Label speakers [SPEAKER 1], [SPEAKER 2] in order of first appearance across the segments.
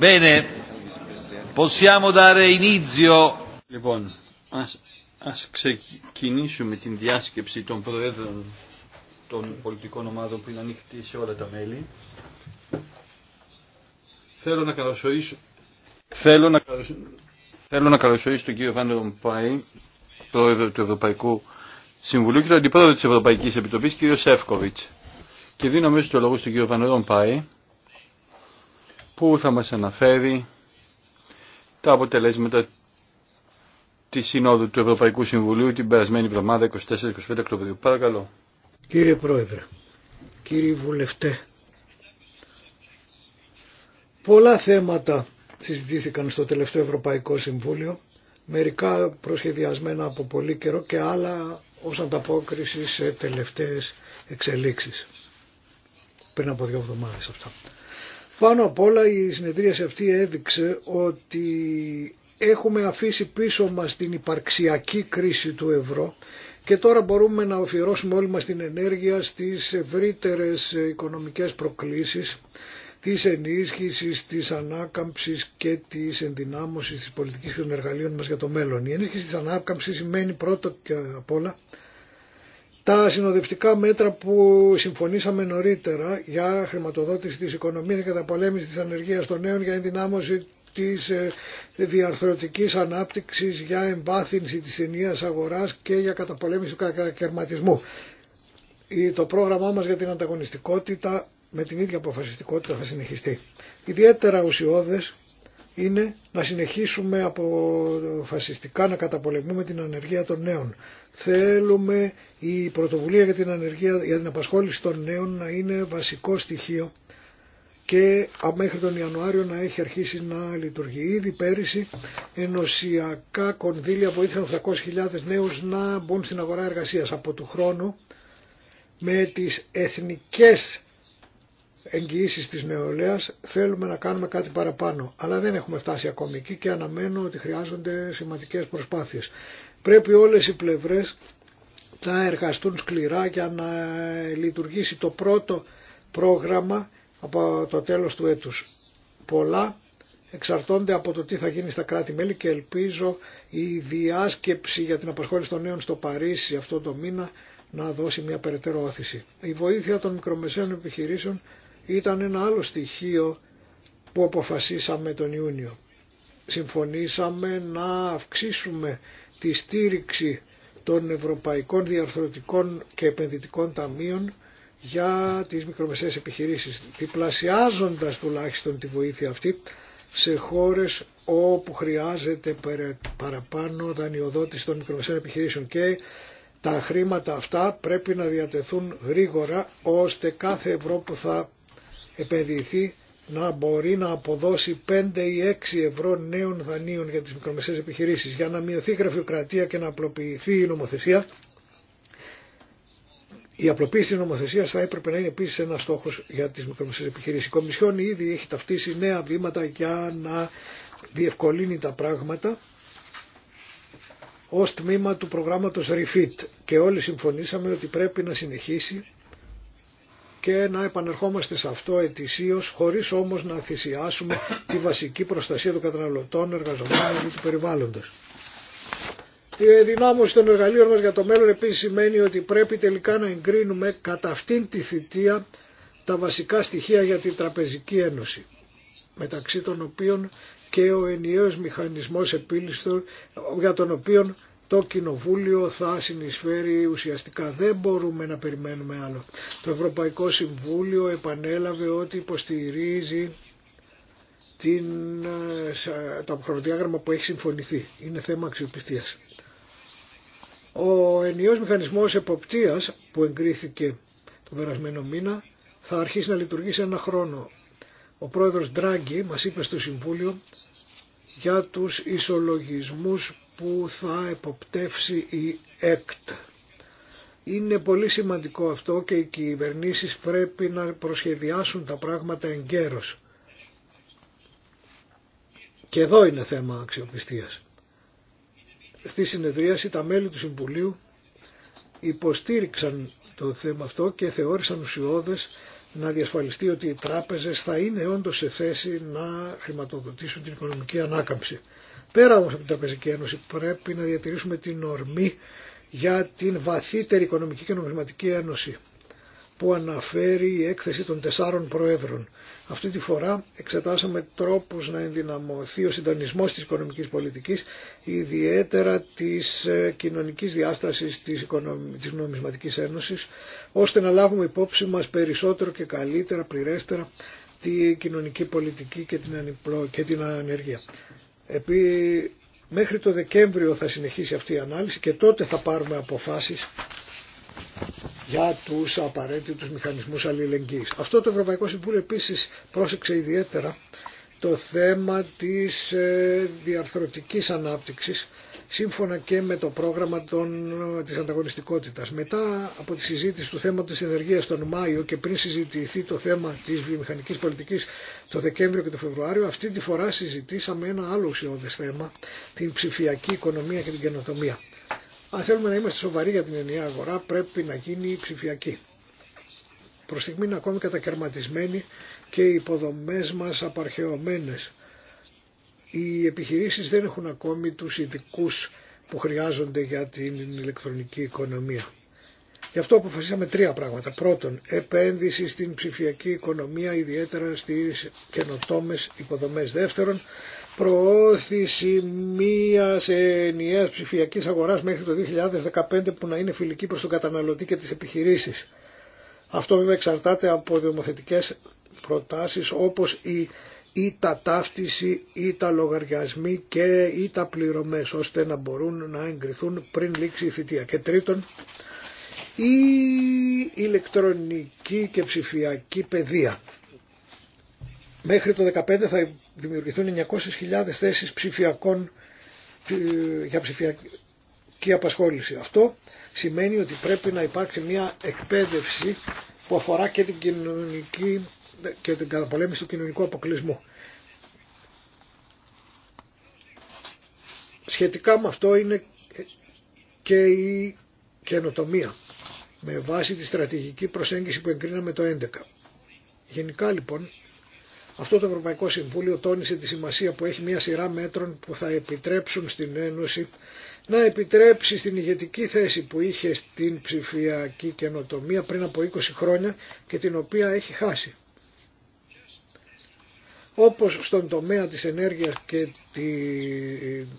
[SPEAKER 1] Bene, possiamo dare inizio. Λοιπόν, ας, ξεκινήσουμε την διάσκεψη των προέδρων των πολιτικών ομάδων που είναι ανοιχτή σε όλα τα μέλη. Θέλω να καλωσορίσω, θέλω να, θέλω να καλωσορίσω τον κύριο Βάντερ Ρομπάη, πρόεδρο του Ευρωπαϊκού Συμβουλίου και τον αντιπρόεδρο της Ευρωπαϊκής Επιτροπής, κύριο Σεύκοβιτς. Και δίνω μέσω το λόγο στον κύριο Βάντερ Ρομπάη που θα μας αναφέρει τα αποτελέσματα της Συνόδου του Ευρωπαϊκού Συμβουλίου την περασμένη εβδομάδα 24-25 Οκτωβρίου. Παρακαλώ.
[SPEAKER 2] Κύριε Πρόεδρε, κύριοι βουλευτέ, πολλά θέματα συζητήθηκαν στο τελευταίο Ευρωπαϊκό Συμβούλιο, μερικά προσχεδιασμένα από πολύ καιρό και άλλα ως ανταπόκριση σε τελευταίες εξελίξεις. Πριν από δύο εβδομάδες αυτά. Πάνω απ' όλα η σε αυτή έδειξε ότι έχουμε αφήσει πίσω μας την υπαρξιακή κρίση του ευρώ και τώρα μπορούμε να αφιερώσουμε όλη μας την ενέργεια στις ευρύτερες οικονομικές προκλήσεις της ενίσχυσης, της ανάκαμψης και της ενδυνάμωσης της πολιτικής των εργαλείων μας για το μέλλον. Η ενίσχυση της ανάκαμψης σημαίνει πρώτο και απ' όλα τα συνοδευτικά μέτρα που συμφωνήσαμε νωρίτερα για χρηματοδότηση της οικονομίας και τα πολέμηση της ανεργίας των νέων για ενδυνάμωση της ε, διαρθρωτικής ανάπτυξης για εμβάθυνση της ενίας αγοράς και για καταπολέμηση του κακερματισμού. Το πρόγραμμά μας για την ανταγωνιστικότητα με την ίδια αποφασιστικότητα θα συνεχιστεί. Ιδιαίτερα ουσιώδες είναι να συνεχίσουμε αποφασιστικά να καταπολεμούμε την ανεργία των νέων. Θέλουμε η πρωτοβουλία για την, ανεργία, για την απασχόληση των νέων να είναι βασικό στοιχείο και μέχρι τον Ιανουάριο να έχει αρχίσει να λειτουργεί. Ήδη πέρυσι ενωσιακά κονδύλια βοήθησαν 800.000 νέους να μπουν στην αγορά εργασίας από του χρόνου με τις εθνικές εγγυήσεις της νεολαίας θέλουμε να κάνουμε κάτι παραπάνω. Αλλά δεν έχουμε φτάσει ακόμη εκεί και αναμένω ότι χρειάζονται σημαντικές προσπάθειες. Πρέπει όλες οι πλευρές να εργαστούν σκληρά για να λειτουργήσει το πρώτο πρόγραμμα από το τέλος του έτους. Πολλά εξαρτώνται από το τι θα γίνει στα κράτη-μέλη και ελπίζω η διάσκεψη για την απασχόληση των νέων στο Παρίσι αυτό το μήνα να δώσει μια περαιτέρω όθηση. Η βοήθεια των μικρομεσαίων επιχειρήσεων ήταν ένα άλλο στοιχείο που αποφασίσαμε τον Ιούνιο. Συμφωνήσαμε να αυξήσουμε τη στήριξη των Ευρωπαϊκών Διαρθρωτικών και Επενδυτικών Ταμείων για τις μικρομεσαίες επιχειρήσεις, διπλασιάζοντας τουλάχιστον τη βοήθεια αυτή σε χώρες όπου χρειάζεται παραπάνω δανειοδότηση των μικρομεσαίων επιχειρήσεων και τα χρήματα αυτά πρέπει να διατεθούν γρήγορα ώστε κάθε ευρώ που θα επενδυθεί να μπορεί να αποδώσει 5 ή 6 ευρώ νέων δανείων για τις μικρομεσαίες επιχειρήσεις. Για να μειωθεί η γραφειοκρατία και να απλοποιηθεί η νομοθεσία, η απλοποίηση της νομοθεσίας θα έπρεπε να είναι επίσης ένας στόχος για τις μικρομεσαίες επιχειρήσεις. Η Κομισιόν ήδη έχει ταυτίσει νέα βήματα για να διευκολύνει τα πράγματα ως τμήμα του προγράμματος REFIT και όλοι συμφωνήσαμε ότι πρέπει να συνεχίσει και να επανερχόμαστε σε αυτό ετησίως χωρίς όμως να θυσιάσουμε τη βασική προστασία των καταναλωτών, εργαζομένων και του περιβάλλοντος. Η ενδυνάμωση των εργαλείων μας για το μέλλον επίσης σημαίνει ότι πρέπει τελικά να εγκρίνουμε κατά αυτήν τη θητεία τα βασικά στοιχεία για την Τραπεζική Ένωση, μεταξύ των οποίων και ο ενιαίος μηχανισμός επίλυστος για τον οποίο το Κοινοβούλιο θα συνεισφέρει ουσιαστικά. Δεν μπορούμε να περιμένουμε άλλο. Το Ευρωπαϊκό Συμβούλιο επανέλαβε ότι υποστηρίζει την, ε, το χρονοδιάγραμμα που έχει συμφωνηθεί. Είναι θέμα αξιοπιστίας. Ο ενιαίος μηχανισμός εποπτείας που εγκρίθηκε το περασμένο μήνα θα αρχίσει να λειτουργεί σε ένα χρόνο. Ο πρόεδρος Ντράγκη μας είπε στο Συμβούλιο για τους ισολογισμούς που θα εποπτεύσει η ΕΚΤ. Είναι πολύ σημαντικό αυτό και οι κυβερνήσεις πρέπει να προσχεδιάσουν τα πράγματα εγκαίρως. Και εδώ είναι θέμα αξιοπιστίας. Στη συνεδρίαση τα μέλη του Συμβουλίου υποστήριξαν το θέμα αυτό και θεώρησαν ουσιώδες να διασφαλιστεί ότι οι τράπεζες θα είναι όντως σε θέση να χρηματοδοτήσουν την οικονομική ανάκαμψη. Πέρα όμως από την Τραπεζική Ένωση πρέπει να διατηρήσουμε την ορμή για την βαθύτερη οικονομική και νομισματική ένωση που αναφέρει η έκθεση των τεσσάρων προέδρων. Αυτή τη φορά εξετάσαμε τρόπους να ενδυναμωθεί ο συντονισμός της οικονομικής πολιτικής, ιδιαίτερα της ε, κοινωνικής διάστασης της, της Νομισματικής Ένωσης, ώστε να λάβουμε υπόψη μας περισσότερο και καλύτερα, πληρέστερα, τη κοινωνική πολιτική και την, ανυπλο... και ανεργία. Επί... Μέχρι το Δεκέμβριο θα συνεχίσει αυτή η ανάλυση και τότε θα πάρουμε αποφάσεις για τους απαραίτητους μηχανισμούς αλληλεγγύης. Αυτό το Ευρωπαϊκό Συμβούλιο επίσης πρόσεξε ιδιαίτερα το θέμα της ε, διαρθρωτικής ανάπτυξης σύμφωνα και με το πρόγραμμα των, της ανταγωνιστικότητας. Μετά από τη συζήτηση του θέματος της ενεργείας τον Μάιο και πριν συζητηθεί το θέμα της βιομηχανικής πολιτικής το Δεκέμβριο και το Φεβρουάριο, αυτή τη φορά συζητήσαμε ένα άλλο ουσιώδες θέμα, την ψηφιακή οικονομία και την καινοτομία. Αν θέλουμε να είμαστε σοβαροί για την ενιαία αγορά πρέπει να γίνει ψηφιακή. Προ στιγμή είναι ακόμη κατακαιρματισμένοι και οι υποδομές μας απαρχαιωμένες. Οι επιχειρήσεις δεν έχουν ακόμη τους ειδικού που χρειάζονται για την ηλεκτρονική οικονομία. Γι' αυτό αποφασίσαμε τρία πράγματα. Πρώτον, επένδυση στην ψηφιακή οικονομία, ιδιαίτερα στι καινοτόμε υποδομέ. Δεύτερον, προώθηση μίας ενιαίας ψηφιακής αγοράς μέχρι το 2015 που να είναι φιλική προς τον καταναλωτή και τις επιχειρήσεις. Αυτό βέβαια εξαρτάται από δημοθετικές προτάσεις όπως η ή τα ταύτιση ή τα λογαριασμοί και ή τα πληρωμές ώστε να μπορούν να εγκριθούν πριν λήξει η θητεία. Και τρίτον, η ηλεκτρονική και ψηφιακή παιδεία Μέχρι το 2015 θα δημιουργηθούν 900.000 θέσεις ψηφιακών ε, για ψηφιακή απασχόληση. Αυτό σημαίνει ότι πρέπει να υπάρξει μια εκπαίδευση που αφορά και την κοινωνική και την καταπολέμηση του κοινωνικού αποκλεισμού. Σχετικά με αυτό είναι και η καινοτομία με βάση τη στρατηγική προσέγγιση που εγκρίναμε το 2011. Γενικά λοιπόν αυτό το Ευρωπαϊκό Συμβούλιο τόνισε τη σημασία που έχει μια σειρά μέτρων που θα επιτρέψουν στην Ένωση να επιτρέψει στην ηγετική θέση που είχε στην ψηφιακή καινοτομία πριν από 20 χρόνια και την οποία έχει χάσει. Όπως στον τομέα της ενέργειας και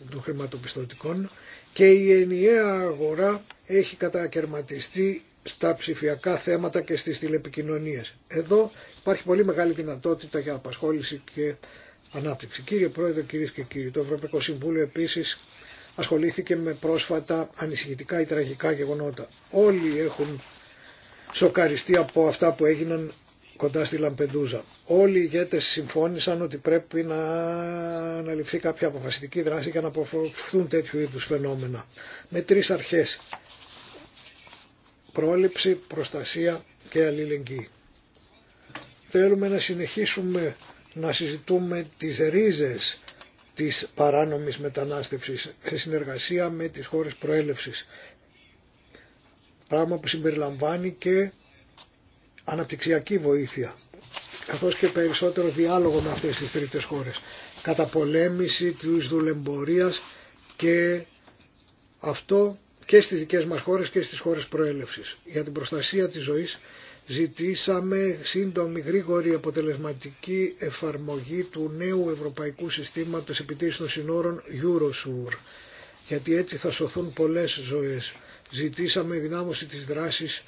[SPEAKER 2] των χρηματοπιστωτικών και η ενιαία αγορά έχει κατακαιρματιστεί στα ψηφιακά θέματα και στις τηλεπικοινωνίες. Εδώ υπάρχει πολύ μεγάλη δυνατότητα για απασχόληση και ανάπτυξη. Κύριε Πρόεδρε, κυρίε και κύριοι, το Ευρωπαϊκό Συμβούλιο επίσης ασχολήθηκε με πρόσφατα ανησυχητικά ή τραγικά γεγονότα. Όλοι έχουν σοκαριστεί από αυτά που έγιναν κοντά στη Λαμπεντούζα. Όλοι οι ηγέτες συμφώνησαν ότι πρέπει να αναλυφθεί κάποια αποφασιστική δράση για να αποφευχθούν τέτοιου είδους φαινόμενα. Με τρεις αρχές πρόληψη, προστασία και αλληλεγγύη. Θέλουμε να συνεχίσουμε να συζητούμε τις ρίζες της παράνομης μετανάστευσης σε συνεργασία με τις χώρες προέλευσης. Πράγμα που συμπεριλαμβάνει και αναπτυξιακή βοήθεια καθώς και περισσότερο διάλογο με αυτές τις τρίτες χώρες. Καταπολέμηση της δουλεμπορίας και αυτό και στις δικές μας χώρες και στις χώρες προέλευσης. Για την προστασία της ζωής ζητήσαμε σύντομη, γρήγορη, αποτελεσματική εφαρμογή του νέου Ευρωπαϊκού Συστήματος Επιτήρησης των Συνόρων Eurosur, γιατί έτσι θα σωθούν πολλές ζωές. Ζητήσαμε δυνάμωση της δράσης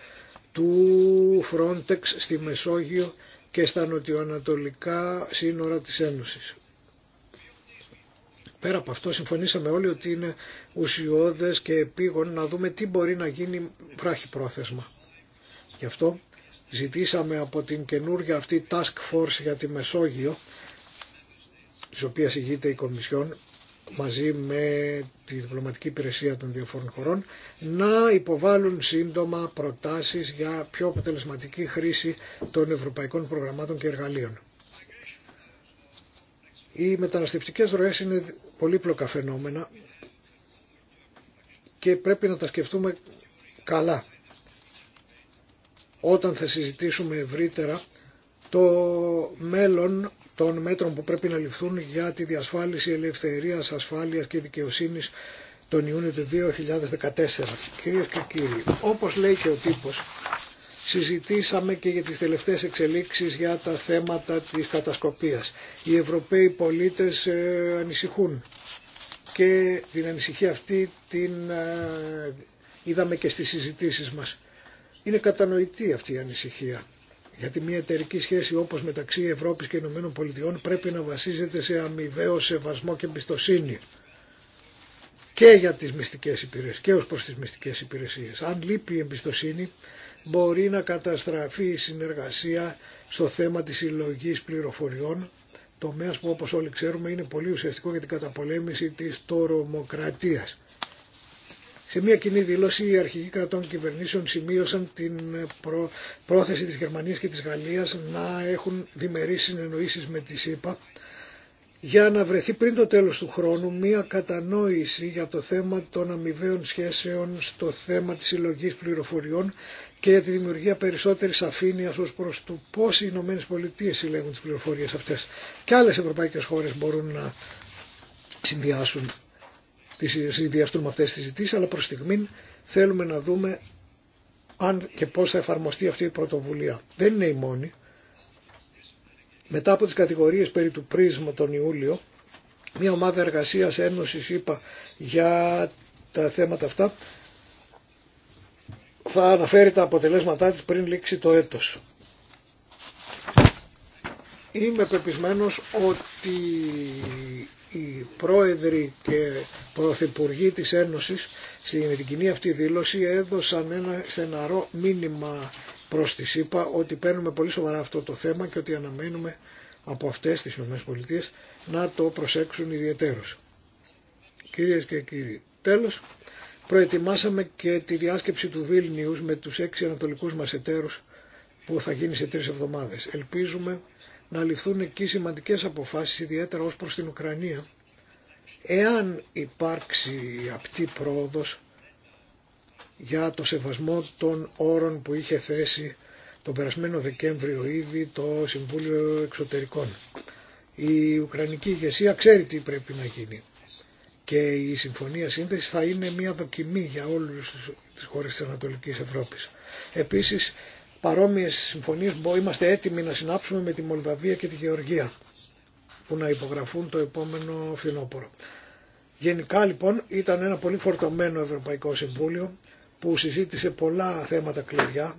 [SPEAKER 2] του Frontex στη Μεσόγειο και στα νοτιοανατολικά σύνορα της Ένωσης. Πέρα από αυτό συμφωνήσαμε όλοι ότι είναι ουσιώδες και επίγον να δούμε τι μπορεί να γίνει βράχη πρόθεσμα. Γι' αυτό ζητήσαμε από την καινούργια αυτή task force για τη Μεσόγειο, τη οποία ηγείται η Κομισιόν, μαζί με τη διπλωματική υπηρεσία των διαφόρων χωρών, να υποβάλουν σύντομα προτάσεις για πιο αποτελεσματική χρήση των ευρωπαϊκών προγραμμάτων και εργαλείων. Οι μεταναστευτικές ροές είναι πολύπλοκα φαινόμενα και πρέπει να τα σκεφτούμε καλά όταν θα συζητήσουμε ευρύτερα το μέλλον των μέτρων που πρέπει να ληφθούν για τη διασφάλιση ελευθερίας, ασφάλειας και δικαιοσύνης τον Ιούνιο του 2014. Κυρίες και κύριοι, όπως λέει και ο τύπος, συζητήσαμε και για τις τελευταίες εξελίξεις για τα θέματα της κατασκοπίας. Οι Ευρωπαίοι πολίτες ε, ανησυχούν και την ανησυχία αυτή την ε, είδαμε και στις συζητήσεις μας. Είναι κατανοητή αυτή η ανησυχία. Γιατί μια εταιρική σχέση όπως μεταξύ Ευρώπης και Ηνωμένων Πολιτειών πρέπει να βασίζεται σε αμοιβαίο σεβασμό και εμπιστοσύνη και για τις μυστικές υπηρεσίες και ως προς τις μυστικές υπηρεσίες. Αν λείπει η εμπιστοσύνη μπορεί να καταστραφεί η συνεργασία στο θέμα της συλλογή πληροφοριών, τομέας που όπως όλοι ξέρουμε είναι πολύ ουσιαστικό για την καταπολέμηση της τορομοκρατίας. Σε μια κοινή δήλωση οι αρχηγοί κρατών κυβερνήσεων σημείωσαν την πρόθεση της Γερμανίας και της Γαλλίας να έχουν διμερείς συνεννοήσεις με τη ΣΥΠΑ για να βρεθεί πριν το τέλος του χρόνου μία κατανόηση για το θέμα των αμοιβαίων σχέσεων στο θέμα της συλλογή πληροφοριών και για τη δημιουργία περισσότερης αφήνειας ως προς το πώς οι Ηνωμένες Πολιτείες συλλέγουν τις πληροφορίες αυτές. Και άλλες ευρωπαϊκές χώρες μπορούν να συνδυάσουν, με αυτές τις ζητήσεις, αλλά προς στιγμή θέλουμε να δούμε αν και πώς θα εφαρμοστεί αυτή η πρωτοβουλία. Δεν είναι η μόνη. Μετά από τις κατηγορίες περί του πρίσμα τον Ιούλιο, μια ομάδα εργασίας Ένωσης είπα για τα θέματα αυτά, θα αναφέρει τα αποτελέσματά της πριν λήξει το έτος. Είμαι πεπισμένος ότι οι πρόεδροι και πρωθυπουργοί της Ένωσης στην κοινή αυτή δήλωση έδωσαν ένα στεναρό μήνυμα προς τη ΣΥΠΑ ότι παίρνουμε πολύ σοβαρά αυτό το θέμα και ότι αναμένουμε από αυτές τις ΗΠΑ να το προσέξουν ιδιαιτέρως. Κυρίες και κύριοι, τέλος προετοιμάσαμε και τη διάσκεψη του Βίλνιους με τους έξι ανατολικούς μας εταίρους που θα γίνει σε τρεις εβδομάδες. Ελπίζουμε να ληφθούν εκεί σημαντικές αποφάσεις ιδιαίτερα ως προς την Ουκρανία εάν υπάρξει απτή πρόοδος για το σεβασμό των όρων που είχε θέσει τον περασμένο Δεκέμβριο ήδη το Συμβούλιο Εξωτερικών. Η Ουκρανική ηγεσία ξέρει τι πρέπει να γίνει και η Συμφωνία Σύνδεσης θα είναι μια δοκιμή για όλους τις χώρες της Ανατολικής Ευρώπης. Επίσης παρόμοιες συμφωνίες είμαστε έτοιμοι να συνάψουμε με τη Μολδαβία και τη Γεωργία που να υπογραφούν το επόμενο φθινόπωρο. Γενικά λοιπόν ήταν ένα πολύ φορτωμένο Ευρωπαϊκό Συμβούλιο που συζήτησε πολλά θέματα κλειδιά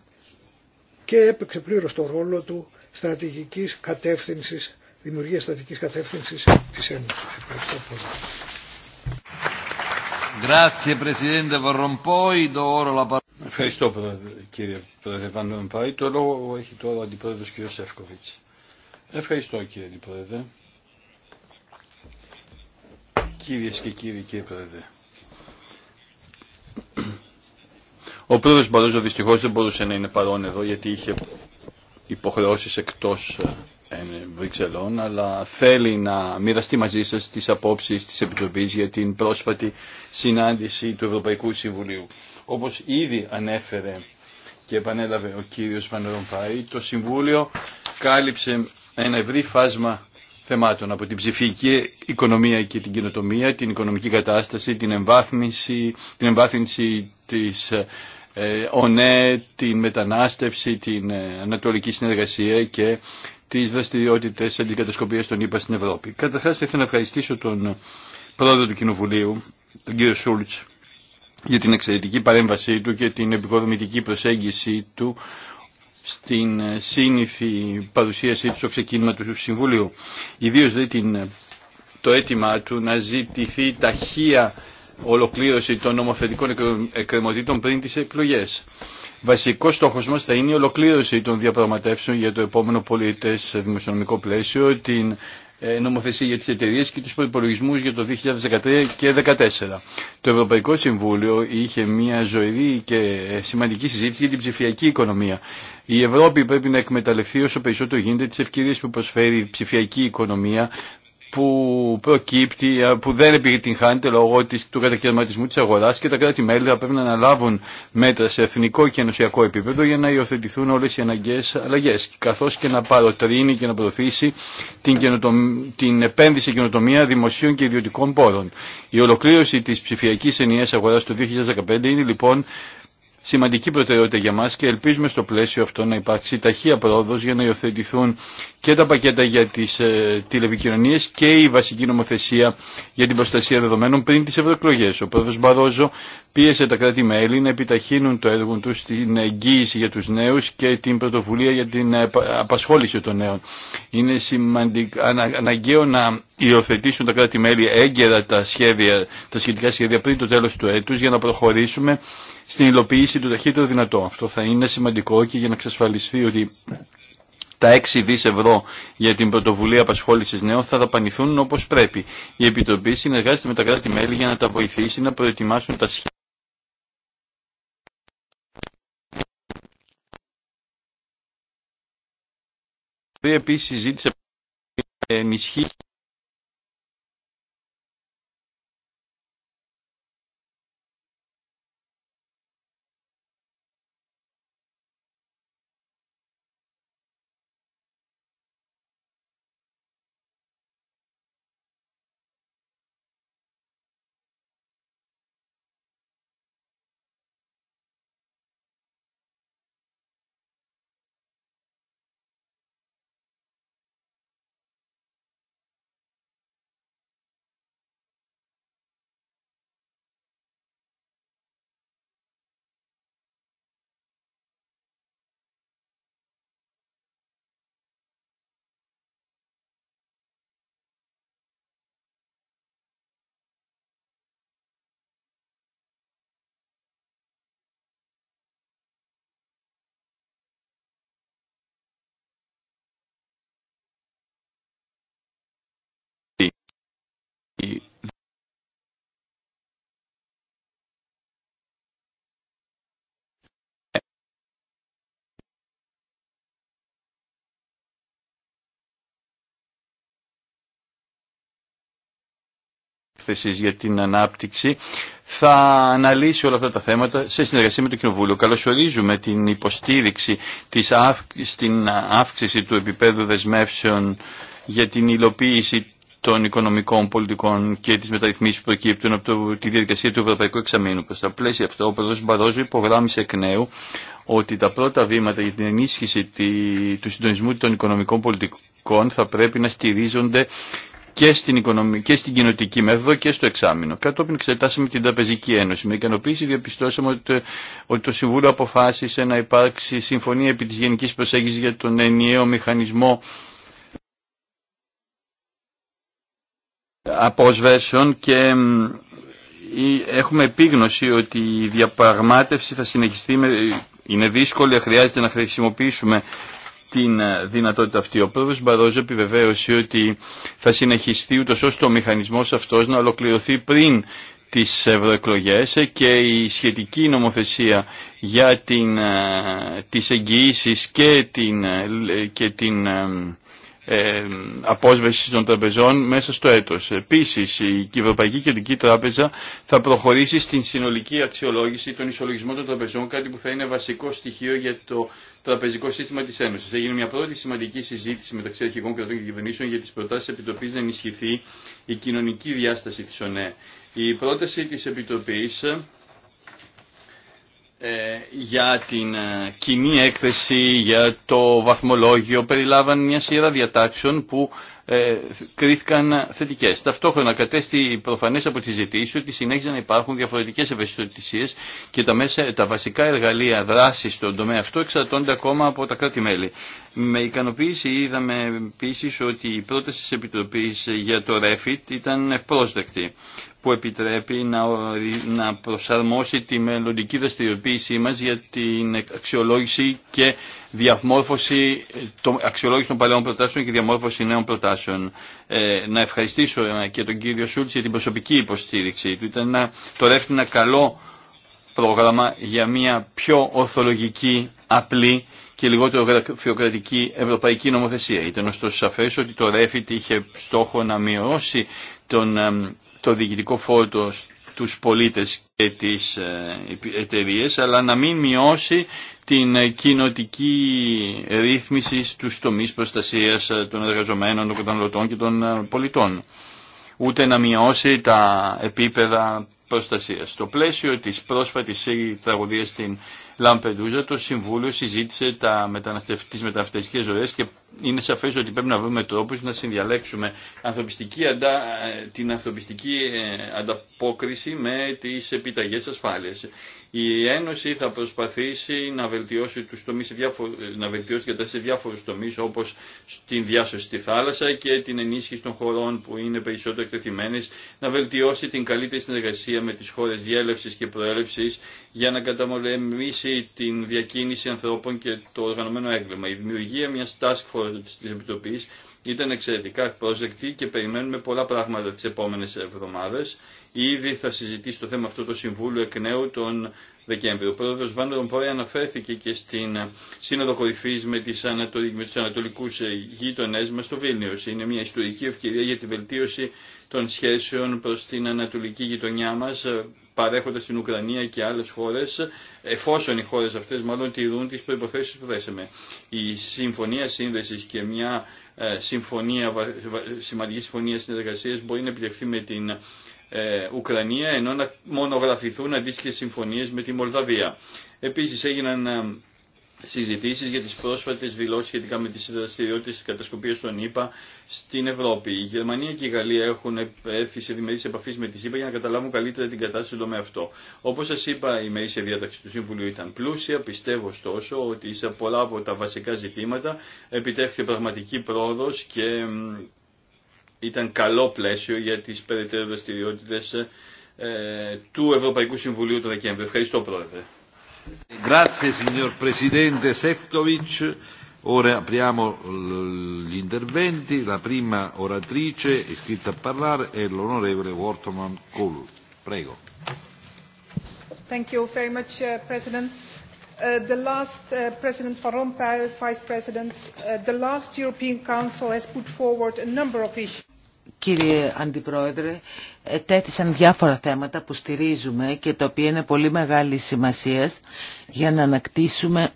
[SPEAKER 2] και έπαιξε πλήρω το ρόλο του στρατηγική κατεύθυνση, δημιουργία στρατηγική κατεύθυνση τη Ένωση. Ευχαριστώ πολύ.
[SPEAKER 1] E Ευχαριστώ κύριε Πρόεδρε Βαν Το λόγο έχει τώρα ο Αντιπρόεδρος κ. Σεύκοβιτς. Ευχαριστώ κύριε Αντιπρόεδρε. Κυρίε και κύριοι κύριε Πρόεδρε. Ο πρόεδρος Μπαρόζο δυστυχώς δεν μπορούσε να είναι παρόν εδώ γιατί είχε υποχρεώσεις εκτός ε, Βρυξελών, αλλά θέλει να μοιραστεί μαζί σας τις απόψεις της Επιτροπής για την πρόσφατη συνάντηση του Ευρωπαϊκού Συμβουλίου. Όπως ήδη ανέφερε και επανέλαβε ο κύριος Βαν το Συμβούλιο κάλυψε ένα ευρύ φάσμα θεμάτων από την ψηφιακή οικονομία και την κοινοτομία, την οικονομική κατάσταση, την εμβάθμιση, την εμβάθυνση της ε, ΟΝΕ, την μετανάστευση, την ε, ανατολική συνεργασία και τις δραστηριότητες αντικατασκοπίας των ΗΠΑ στην Ευρώπη. Καταρχάς θα ήθελα να ευχαριστήσω τον πρόεδρο του Κοινοβουλίου, τον κύριο Σούλτς, για την εξαιρετική παρέμβασή του και την επικοδομητική προσέγγιση του στην ε, σύνηθη παρουσίασή του στο ξεκίνημα του Συμβουλίου. Ιδίω δε ε, το αίτημα του να ζητηθεί ταχεία ολοκλήρωση των νομοθετικών εκκρεμωτήτων πριν τις εκλογές. Βασικό στόχο μα θα είναι η ολοκλήρωση των διαπραγματεύσεων για το επόμενο πολίτε δημοσιονομικό πλαίσιο, την ε, νομοθεσία για τις εταιρείες και τους προϋπολογισμούς για το 2013 και 2014. Το Ευρωπαϊκό Συμβούλιο είχε μια ζωηρή και ε, σημαντική συζήτηση για την ψηφιακή οικονομία. Η Ευρώπη πρέπει να εκμεταλλευτεί όσο περισσότερο γίνεται τις ευκαιρίες που προσφέρει η ψηφιακή οικονομία που προκύπτει, ε, που δεν επιτυγχάνεται λόγω της, του κατακαιρματισμού της αγοράς και τα κράτη-μέλη θα πρέπει να αναλάβουν μέτρα σε εθνικό και ενωσιακό επίπεδο για να υιοθετηθούν όλες οι αναγκαίες αλλαγές, καθώς και να παροτρύνει και να προωθήσει την, την επένδυση καινοτομία δημοσίων και ιδιωτικών πόρων. Η ολοκλήρωση της ψηφιακής ενιαίας αγοράς το 2015 είναι λοιπόν σημαντική προτεραιότητα για μας και ελπίζουμε στο πλαίσιο αυτό να υπάρξει ταχεία πρόοδος για να υιοθετηθούν και τα πακέτα για τις ε, τηλεπικοινωνίες και η βασική νομοθεσία για την προστασία δεδομένων πριν τις ευρωεκλογέ. Ο πρόεδρος Μπαρόζο πίεσε τα κράτη-μέλη να επιταχύνουν το έργο τους στην εγγύηση για τους νέους και την πρωτοβουλία για την ε, απασχόληση των νέων. Είναι αναγκαίο να υιοθετήσουν τα κράτη-μέλη έγκαιρα τα, σχέδια, τα σχετικά σχέδια πριν το τέλος του έτους για να προχωρήσουμε στην υλοποίηση του ταχύτερου δυνατό. Αυτό θα είναι σημαντικό και για να εξασφαλιστεί ότι τα 6 δις ευρώ για την πρωτοβουλία απασχόλησης νέων θα δαπανηθούν όπως πρέπει. Η Επιτροπή συνεργάζεται με τα κράτη-μέλη για να τα βοηθήσει να προετοιμάσουν τα σχέδια. για την ανάπτυξη θα αναλύσει όλα αυτά τα θέματα σε συνεργασία με το Κοινοβούλιο. Καλωσορίζουμε την υποστήριξη της στην αύξηση του επίπεδου δεσμεύσεων για την υλοποίηση των οικονομικών, πολιτικών και τι μεταρρυθμίσει που προκύπτουν από τη διαδικασία του Ευρωπαϊκού Εξαμήνου. Προ τα πλαίσια αυτό, ο Πρόεδρο Μπαρόζο υπογράμμισε εκ νέου ότι τα πρώτα βήματα για την ενίσχυση του συντονισμού των οικονομικών πολιτικών θα πρέπει να στηρίζονται και στην, οικονομική, και στην κοινοτική μέθοδο και στο εξάμεινο. Κατόπιν εξετάσαμε την Τραπεζική Ένωση. Με ικανοποίηση διαπιστώσαμε ότι, ότι το Συμβούλιο αποφάσισε να υπάρξει συμφωνία επί της Γενικής Προσέγγισης για τον ενιαίο μηχανισμό απόσβεσεων και έχουμε επίγνωση ότι η διαπραγμάτευση θα συνεχιστεί, είναι δύσκολη, χρειάζεται να χρησιμοποιήσουμε την ε, δυνατότητα αυτή. Ο πρόεδρος Μπαρόζο επιβεβαίωσε ότι θα συνεχιστεί ούτως ώστε ο μηχανισμός αυτός να ολοκληρωθεί πριν τις ευρωεκλογέ και η σχετική νομοθεσία για την, ε, τις εγγυήσεις και την, ε, και την ε, απόσβεση των τραπεζών μέσα στο έτος. Επίσης, η Ευρωπαϊκή Κεντρική Τράπεζα θα προχωρήσει στην συνολική αξιολόγηση των ισολογισμών των τραπεζών, κάτι που θα είναι βασικό στοιχείο για το τραπεζικό σύστημα της Ένωσης. Έγινε μια πρώτη σημαντική συζήτηση μεταξύ αρχικών κρατών και κυβερνήσεων για τις προτάσεις της Επιτροπής να ενισχυθεί η κοινωνική διάσταση της ΟΝΕ. Η πρόταση της Επιτροπής ε, για την ε, κοινή έκθεση, για το βαθμολόγιο, περιλάβαν μια σειρά διατάξεων που ε, κρίθηκαν θετικές. Ταυτόχρονα κατέστη προφανές από τη ζητήσεις ότι συνέχιζαν να υπάρχουν διαφορετικές ευαισθητησίες και τα, μέσα, τα βασικά εργαλεία δράσης στον τομέα αυτό εξαρτώνται ακόμα από τα κράτη-μέλη. Με ικανοποίηση είδαμε επίση ότι η πρόταση της Επιτροπής για το REFIT ήταν ευπρόσδεκτη που επιτρέπει να, προσαρμόσει τη μελλοντική δραστηριοποίησή μας για την αξιολόγηση και διαμόρφωση, το, αξιολόγηση των παλαιών προτάσεων και διαμόρφωση νέων προτάσεων. Ε, να ευχαριστήσω ε, και τον κύριο Σούλτς για την προσωπική υποστήριξη του. Ήταν ένα, το ρεύτη ένα καλό πρόγραμμα για μια πιο ορθολογική, απλή και λιγότερο γραφειοκρατική ευρωπαϊκή νομοθεσία. Ήταν ωστόσο σαφές ότι το ΡΕΦΤ είχε στόχο να μειώσει τον ε, το διοικητικό φόρτο τους πολίτες και τις ε, εταιρείε, αλλά να μην μειώσει την κοινοτική ρύθμιση στους τομείς προστασίας ε, των εργαζομένων, των καταναλωτών και των ε, πολιτών. Ούτε να μειώσει τα επίπεδα προστασίας. Στο πλαίσιο της πρόσφατης τραγωδίας στην Λαμπεντούζα το Συμβούλιο συζήτησε τα μεταναστευ... τις μεταναστευτικές ζωές και είναι σαφές ότι πρέπει να βρούμε τρόπους να συνδιαλέξουμε ανθρωπιστική αντα... Ε, την ανθρωπιστική ε, ανταπόκριση με τις επιταγές ασφάλειας. Η Ένωση θα προσπαθήσει να βελτιώσει, τους τομείς σε διάφο... Ε, να βελτιώσει κατάσταση σε διάφορους τομείς όπως την διάσωση στη θάλασσα και την ενίσχυση των χωρών που είναι περισσότερο εκτεθειμένες, να βελτιώσει την καλύτερη συνεργασία με τις χώρες διέλευσης και προέλευσης για να καταμολεμήσει μεταξύ την διακίνηση ανθρώπων και το οργανωμένο έγκλημα. Η δημιουργία μια task force τη Επιτροπή ήταν εξαιρετικά πρόσδεκτη και περιμένουμε πολλά πράγματα τι επόμενε εβδομάδε. Ήδη θα συζητήσει το θέμα αυτό το Συμβούλιο εκ νέου τον Δεκέμβριο. Ο πρόεδρο Βαν Πόρε αναφέρθηκε και στην Σύνοδο Κορυφή με, του Ανατολικού με του ανατολικού γείτονέ μα στο Βίλνιο. Είναι μια ιστορική ευκαιρία για τη βελτίωση των σχέσεων προς την ανατολική γειτονιά μας, ε, παρέχοντας την Ουκρανία και άλλες χώρες, εφόσον οι χώρες αυτές μάλλον τηρούν τις προϋποθέσεις που θέσαμε. Η συμφωνία σύνδεσης και μια ε, συμφωνία, σημαντική συμφωνία συνεργασίας μπορεί να επιτευχθεί με την ε, Ουκρανία, ενώ να μονογραφηθούν αντίστοιχε συμφωνίες με τη Μολδαβία. Επίσης έγιναν συζητήσεις για τις πρόσφατες δηλώσεις σχετικά με τις δραστηριότητες της κατασκοπίας των ΗΠΑ στην Ευρώπη. Η Γερμανία και η Γαλλία έχουν έρθει σε διμερείς επαφής με τις ΗΠΑ για να καταλάβουν καλύτερα την κατάσταση με αυτό. Όπως σας είπα, η μερίσια διάταξη του Συμβουλίου ήταν πλούσια. Πιστεύω ωστόσο ότι σε πολλά από τα βασικά ζητήματα επιτέχθηκε πραγματική πρόοδος και ήταν καλό πλαίσιο για τις περαιτέρω δραστηριότητες ε, του Ευρωπαϊκού Συμβουλίου του Δεκέμβριο. Ευχαριστώ Πρόεδρε. Ora apriamo gli interventi. La prima oratrice iscritta a parlare è l'onorevole Wortman Kohl. Prego.
[SPEAKER 2] Thank you very much, uh, President. Uh, the last uh, President Van Rompuy, Vice President, uh, the last European Council has put forward a number of issues
[SPEAKER 3] Κύριε Αντιπρόεδρε, τέθησαν διάφορα θέματα που στηρίζουμε και τα οποία είναι πολύ μεγάλη σημασία για να ανακτήσουμε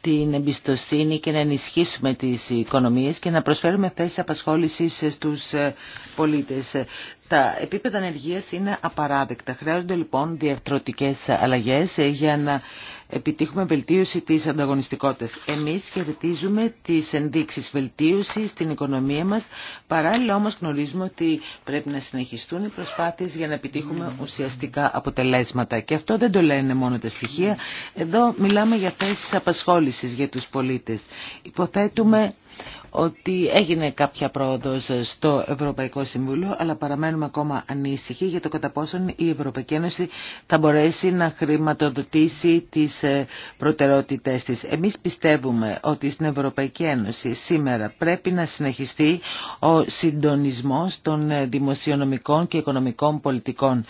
[SPEAKER 3] την εμπιστοσύνη και να ενισχύσουμε τις οικονομίες και να προσφέρουμε θέσεις απασχόλησης στους ε, πολίτες. Τα επίπεδα ενεργείας είναι απαράδεκτα. Χρειάζονται λοιπόν διαρθρωτικές αλλαγές ε, για να επιτύχουμε βελτίωση της ανταγωνιστικότητας. Εμείς χαιρετίζουμε τις ενδείξεις βελτίωσης στην οικονομία μας, παράλληλα όμως γνωρίζουμε ότι πρέπει να συνεχιστούν οι προσπάθειες για να επιτύχουμε ουσιαστικά αποτελέσματα. Και αυτό δεν το λένε μόνο τα στοιχεία, εδώ μιλάμε για θέσεις απασχόλησης για τους πολίτες. Υποθέτουμε ότι έγινε κάποια πρόοδος στο Ευρωπαϊκό Συμβούλιο, αλλά παραμένουμε ακόμα ανήσυχοι για το κατά πόσον η Ευρωπαϊκή Ένωση θα μπορέσει να χρηματοδοτήσει τις ε, προτεραιότητές της. Εμείς πιστεύουμε ότι στην Ευρωπαϊκή Ένωση σήμερα πρέπει να συνεχιστεί ο συντονισμός των ε, δημοσιονομικών και οικονομικών πολιτικών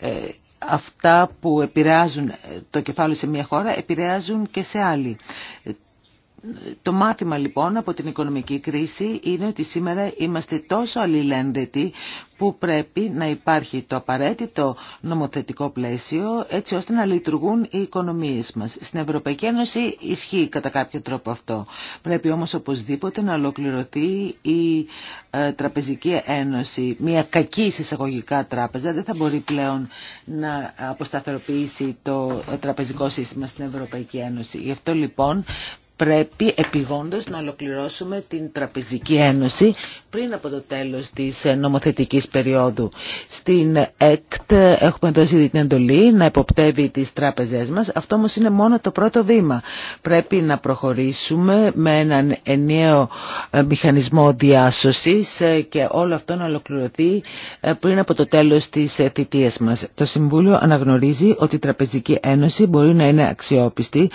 [SPEAKER 3] ε, αυτά που επηρεάζουν το κεφάλαιο σε μια χώρα επηρεάζουν και σε άλλη. Το μάθημα λοιπόν από την οικονομική κρίση είναι ότι σήμερα είμαστε τόσο αλληλένδετοι που πρέπει να υπάρχει το απαραίτητο νομοθετικό πλαίσιο έτσι ώστε να λειτουργούν οι οικονομίες μας. Στην Ευρωπαϊκή Ένωση ισχύει κατά κάποιο τρόπο αυτό. Πρέπει όμως οπωσδήποτε να ολοκληρωθεί η ε, Τραπεζική Ένωση. Μια κακή εισαγωγικά τράπεζα δεν θα μπορεί πλέον να αποσταθεροποιήσει το τραπεζικό σύστημα στην Ευρωπαϊκή Ένωση. Γι' αυτό λοιπόν πρέπει επιγόντως να ολοκληρώσουμε την Τραπεζική Ένωση πριν από το τέλος της νομοθετικής περίοδου. Στην ΕΚΤ έχουμε δώσει την εντολή να εποπτεύει τις τράπεζές μας. Αυτό όμως είναι μόνο το πρώτο βήμα. Πρέπει να προχωρήσουμε με έναν ενιαίο ε, μηχανισμό διάσωσης ε, και όλο αυτό να ολοκληρωθεί ε, πριν από το τέλος της θητείας μας. Το Συμβούλιο αναγνωρίζει ότι η Τραπεζική Ένωση μπορεί να είναι αξιόπιστη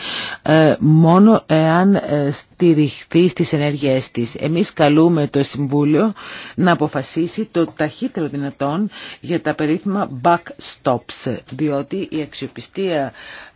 [SPEAKER 3] μόνο εάν ε, στηριχθεί στις ενέργειές της. Εμείς καλούμε το Συμβούλιο να αποφασίσει το ταχύτερο δυνατόν για τα περίφημα backstops, διότι η αξιοπιστία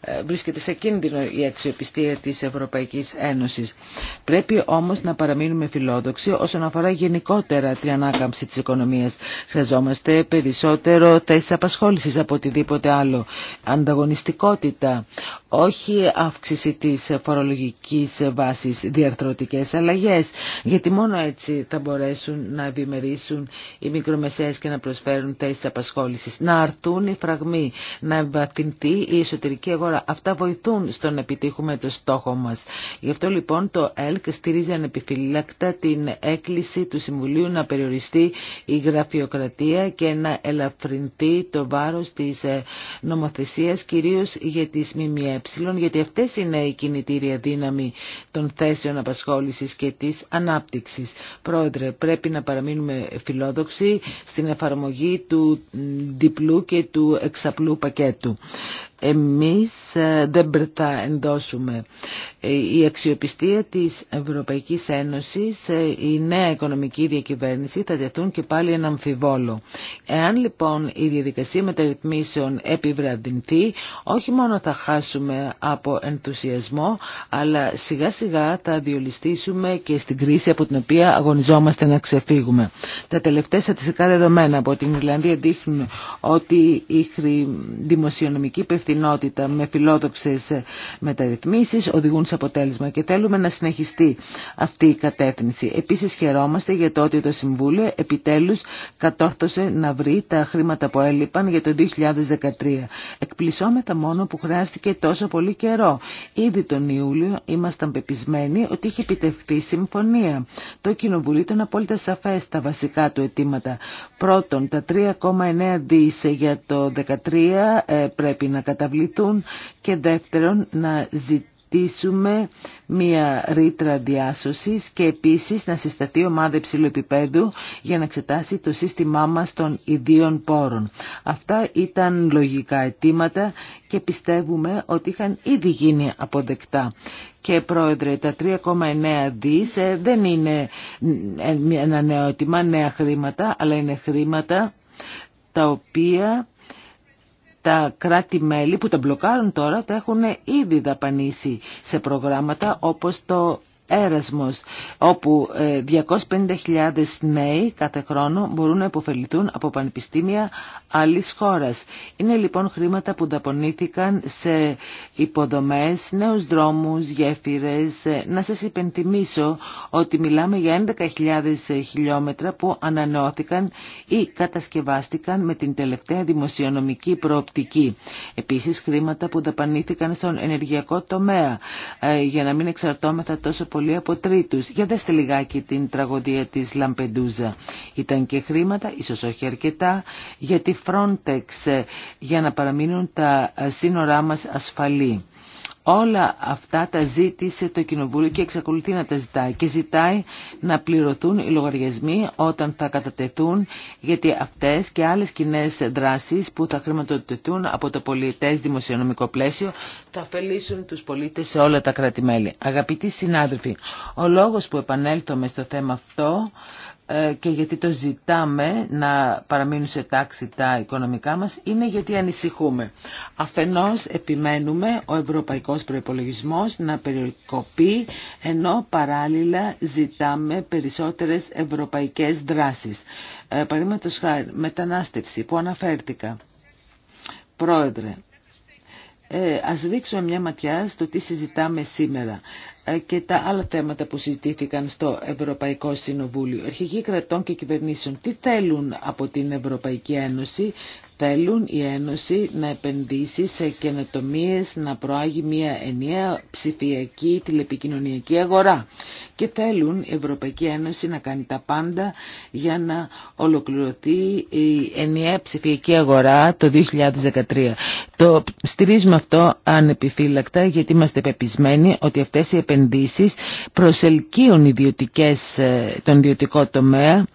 [SPEAKER 3] ε, βρίσκεται σε κίνδυνο η αξιοπιστία της Ευρωπαϊκής Ένωσης. Πρέπει όμως να παραμείνουμε φιλόδοξοι όσον αφορά γενικότερα την ανάκαμψη της οικονομίας. Χρειαζόμαστε περισσότερο θέσεις απασχόλησης από οτιδήποτε άλλο. Ανταγωνιστικότητα, όχι αύξηση της φορολογικής βάσης, διαρθρωτικές αλλαγές, γιατί μόνο έτσι θα μπορέσουν να ευημερήσουν οι μικρομεσαίες και να προσφέρουν θέσεις απασχόλησης. Να αρθούν οι φραγμοί, να εμβαθυνθεί η εσωτερική αγορά Αυτά βοηθούν στο να επιτύχουμε το στόχο μας. Γι' αυτό λοιπόν το ΕΛΚ στηρίζει ανεπιφυλακτά την έκκληση του Συμβουλίου να περιοριστεί η γραφειοκρατία και να ελαφρυνθεί το βάρος της ε, νομοθεσίας κυρίως για τις ΜΜΕ γιατί αυτές είναι η κινητήρια δύναμη των θέσεων απασχόλησης και της ανάπτυξης. Πρόεδρε, πρέπει να παραμείνουμε φιλόδοξοι στην εφαρμογή του διπλού και του εξαπλού πακέτου εμείς ε, δεν θα ενδώσουμε. Ε, η αξιοπιστία της Ευρωπαϊκής Ένωσης, ε, η νέα οικονομική διακυβέρνηση θα διαθούν και πάλι ένα αμφιβόλο. Εάν λοιπόν η διαδικασία μεταρρυθμίσεων επιβραδυνθεί, όχι μόνο θα χάσουμε από ενθουσιασμό, αλλά σιγά σιγά θα διολυστήσουμε και στην κρίση από την οποία αγωνιζόμαστε να ξεφύγουμε. Τα τελευταία στατιστικά δεδομένα από την Ιρλανδία δείχνουν ότι η δημοσιονομική υπευθυνότητα με φιλόδοξες ε, μεταρρυθμίσεις, οδηγούν σε αποτέλεσμα και θέλουμε να συνεχιστεί αυτή η κατεύθυνση. Επίσης χαιρόμαστε για το ότι το Συμβούλιο επιτέλους κατόρθωσε να βρει τα χρήματα που έλειπαν για το 2013. Εκπλησόμεθα μόνο που χρειάστηκε τόσο πολύ καιρό. Ήδη τον Ιούλιο ήμασταν πεπισμένοι ότι είχε επιτευχθεί συμφωνία. Το Κοινοβουλίο ήταν απόλυτα σαφέ τα βασικά του αιτήματα. Πρώτον, τα 3,9 δις για το 2013 ε, πρέπει να καταβληθούν και δεύτερον να ζητήσουμε μια ρήτρα διάσωσης και επίσης να συσταθεί ομάδα υψηλού επίπεδου για να εξετάσει το σύστημά μας των ιδίων πόρων. Αυτά ήταν λογικά αιτήματα και πιστεύουμε ότι είχαν ήδη γίνει αποδεκτά. Και πρόεδρε, τα 3,9 δις ε, δεν είναι ε, ένα νέο αιτήμα, νέα χρήματα, αλλά είναι χρήματα τα οποία τα κράτη-μέλη που τα μπλοκάρουν τώρα τα έχουν ήδη δαπανίσει σε προγράμματα όπως το Έρασμος, όπου 250.000 ε, νέοι κάθε χρόνο μπορούν να υποφεληθούν από πανεπιστήμια άλλης χώρας. Είναι λοιπόν χρήματα που δαπονήθηκαν σε υποδομές, νέους δρόμους, γέφυρες. Ε, να σας υπενθυμίσω ότι μιλάμε για 11.000 ε, χιλιόμετρα που ανανεώθηκαν ή κατασκευάστηκαν με την τελευταία δημοσιονομική προοπτική. Επίσης χρήματα που δαπανήθηκαν στον ενεργειακό τομέα για να μην εξαρτώμεθα τόσο πολύ από τρίτους. Για δέστε λιγάκι την τραγωδία της Λαμπεντούζα. Ήταν και χρήματα, ίσως όχι αρκετά, για τη Frontex, ε, για να παραμείνουν τα ε, σύνορά μας ασφαλή. Όλα αυτά τα ζήτησε το Κοινοβούλιο και εξακολουθεί να τα ζητάει και ζητάει να πληρωθούν οι λογαριασμοί όταν θα κατατεθούν γιατί αυτές και άλλες κοινέ δράσεις που θα χρηματοδοτηθούν από το πολιτές δημοσιονομικό πλαίσιο θα ωφελήσουν τους πολίτες σε όλα τα κράτη-μέλη. Αγαπητοί συνάδελφοι, ο λόγος που επανέλθουμε στο θέμα αυτό ε, και γιατί το ζητάμε να παραμείνουν σε τάξη τα οικονομικά μας είναι γιατί ανησυχούμε. Αφενός επιμένουμε ο ευρωπαϊκός προϋπολογισμός να περικοπεί ενώ παράλληλα ζητάμε περισσότερες ευρωπαϊκές δράσεις. Ε, Παραδείγματος χάρη μετανάστευση που αναφέρθηκα. Πρόεδρε, ε, ας δείξουμε μια ματιά στο τι συζητάμε σήμερα ε, και τα άλλα θέματα που συζητήθηκαν στο Ευρωπαϊκό Συνοβούλιο. Αρχηγοί κρατών και κυβερνήσεων τι θέλουν από την Ευρωπαϊκή Ένωση θέλουν η Ένωση να επενδύσει σε καινοτομίες, να προάγει μια ενιαία ψηφιακή τηλεπικοινωνιακή αγορά και θέλουν η Ευρωπαϊκή Ένωση να κάνει τα πάντα για να ολοκληρωθεί η ενιαία ψηφιακή αγορά το 2013. Το στηρίζουμε αυτό ανεπιφύλακτα γιατί είμαστε πεπισμένοι ότι αυτές οι επενδύσεις προσελκύουν ιδιωτικές, ε, τον ιδιωτικό τομέα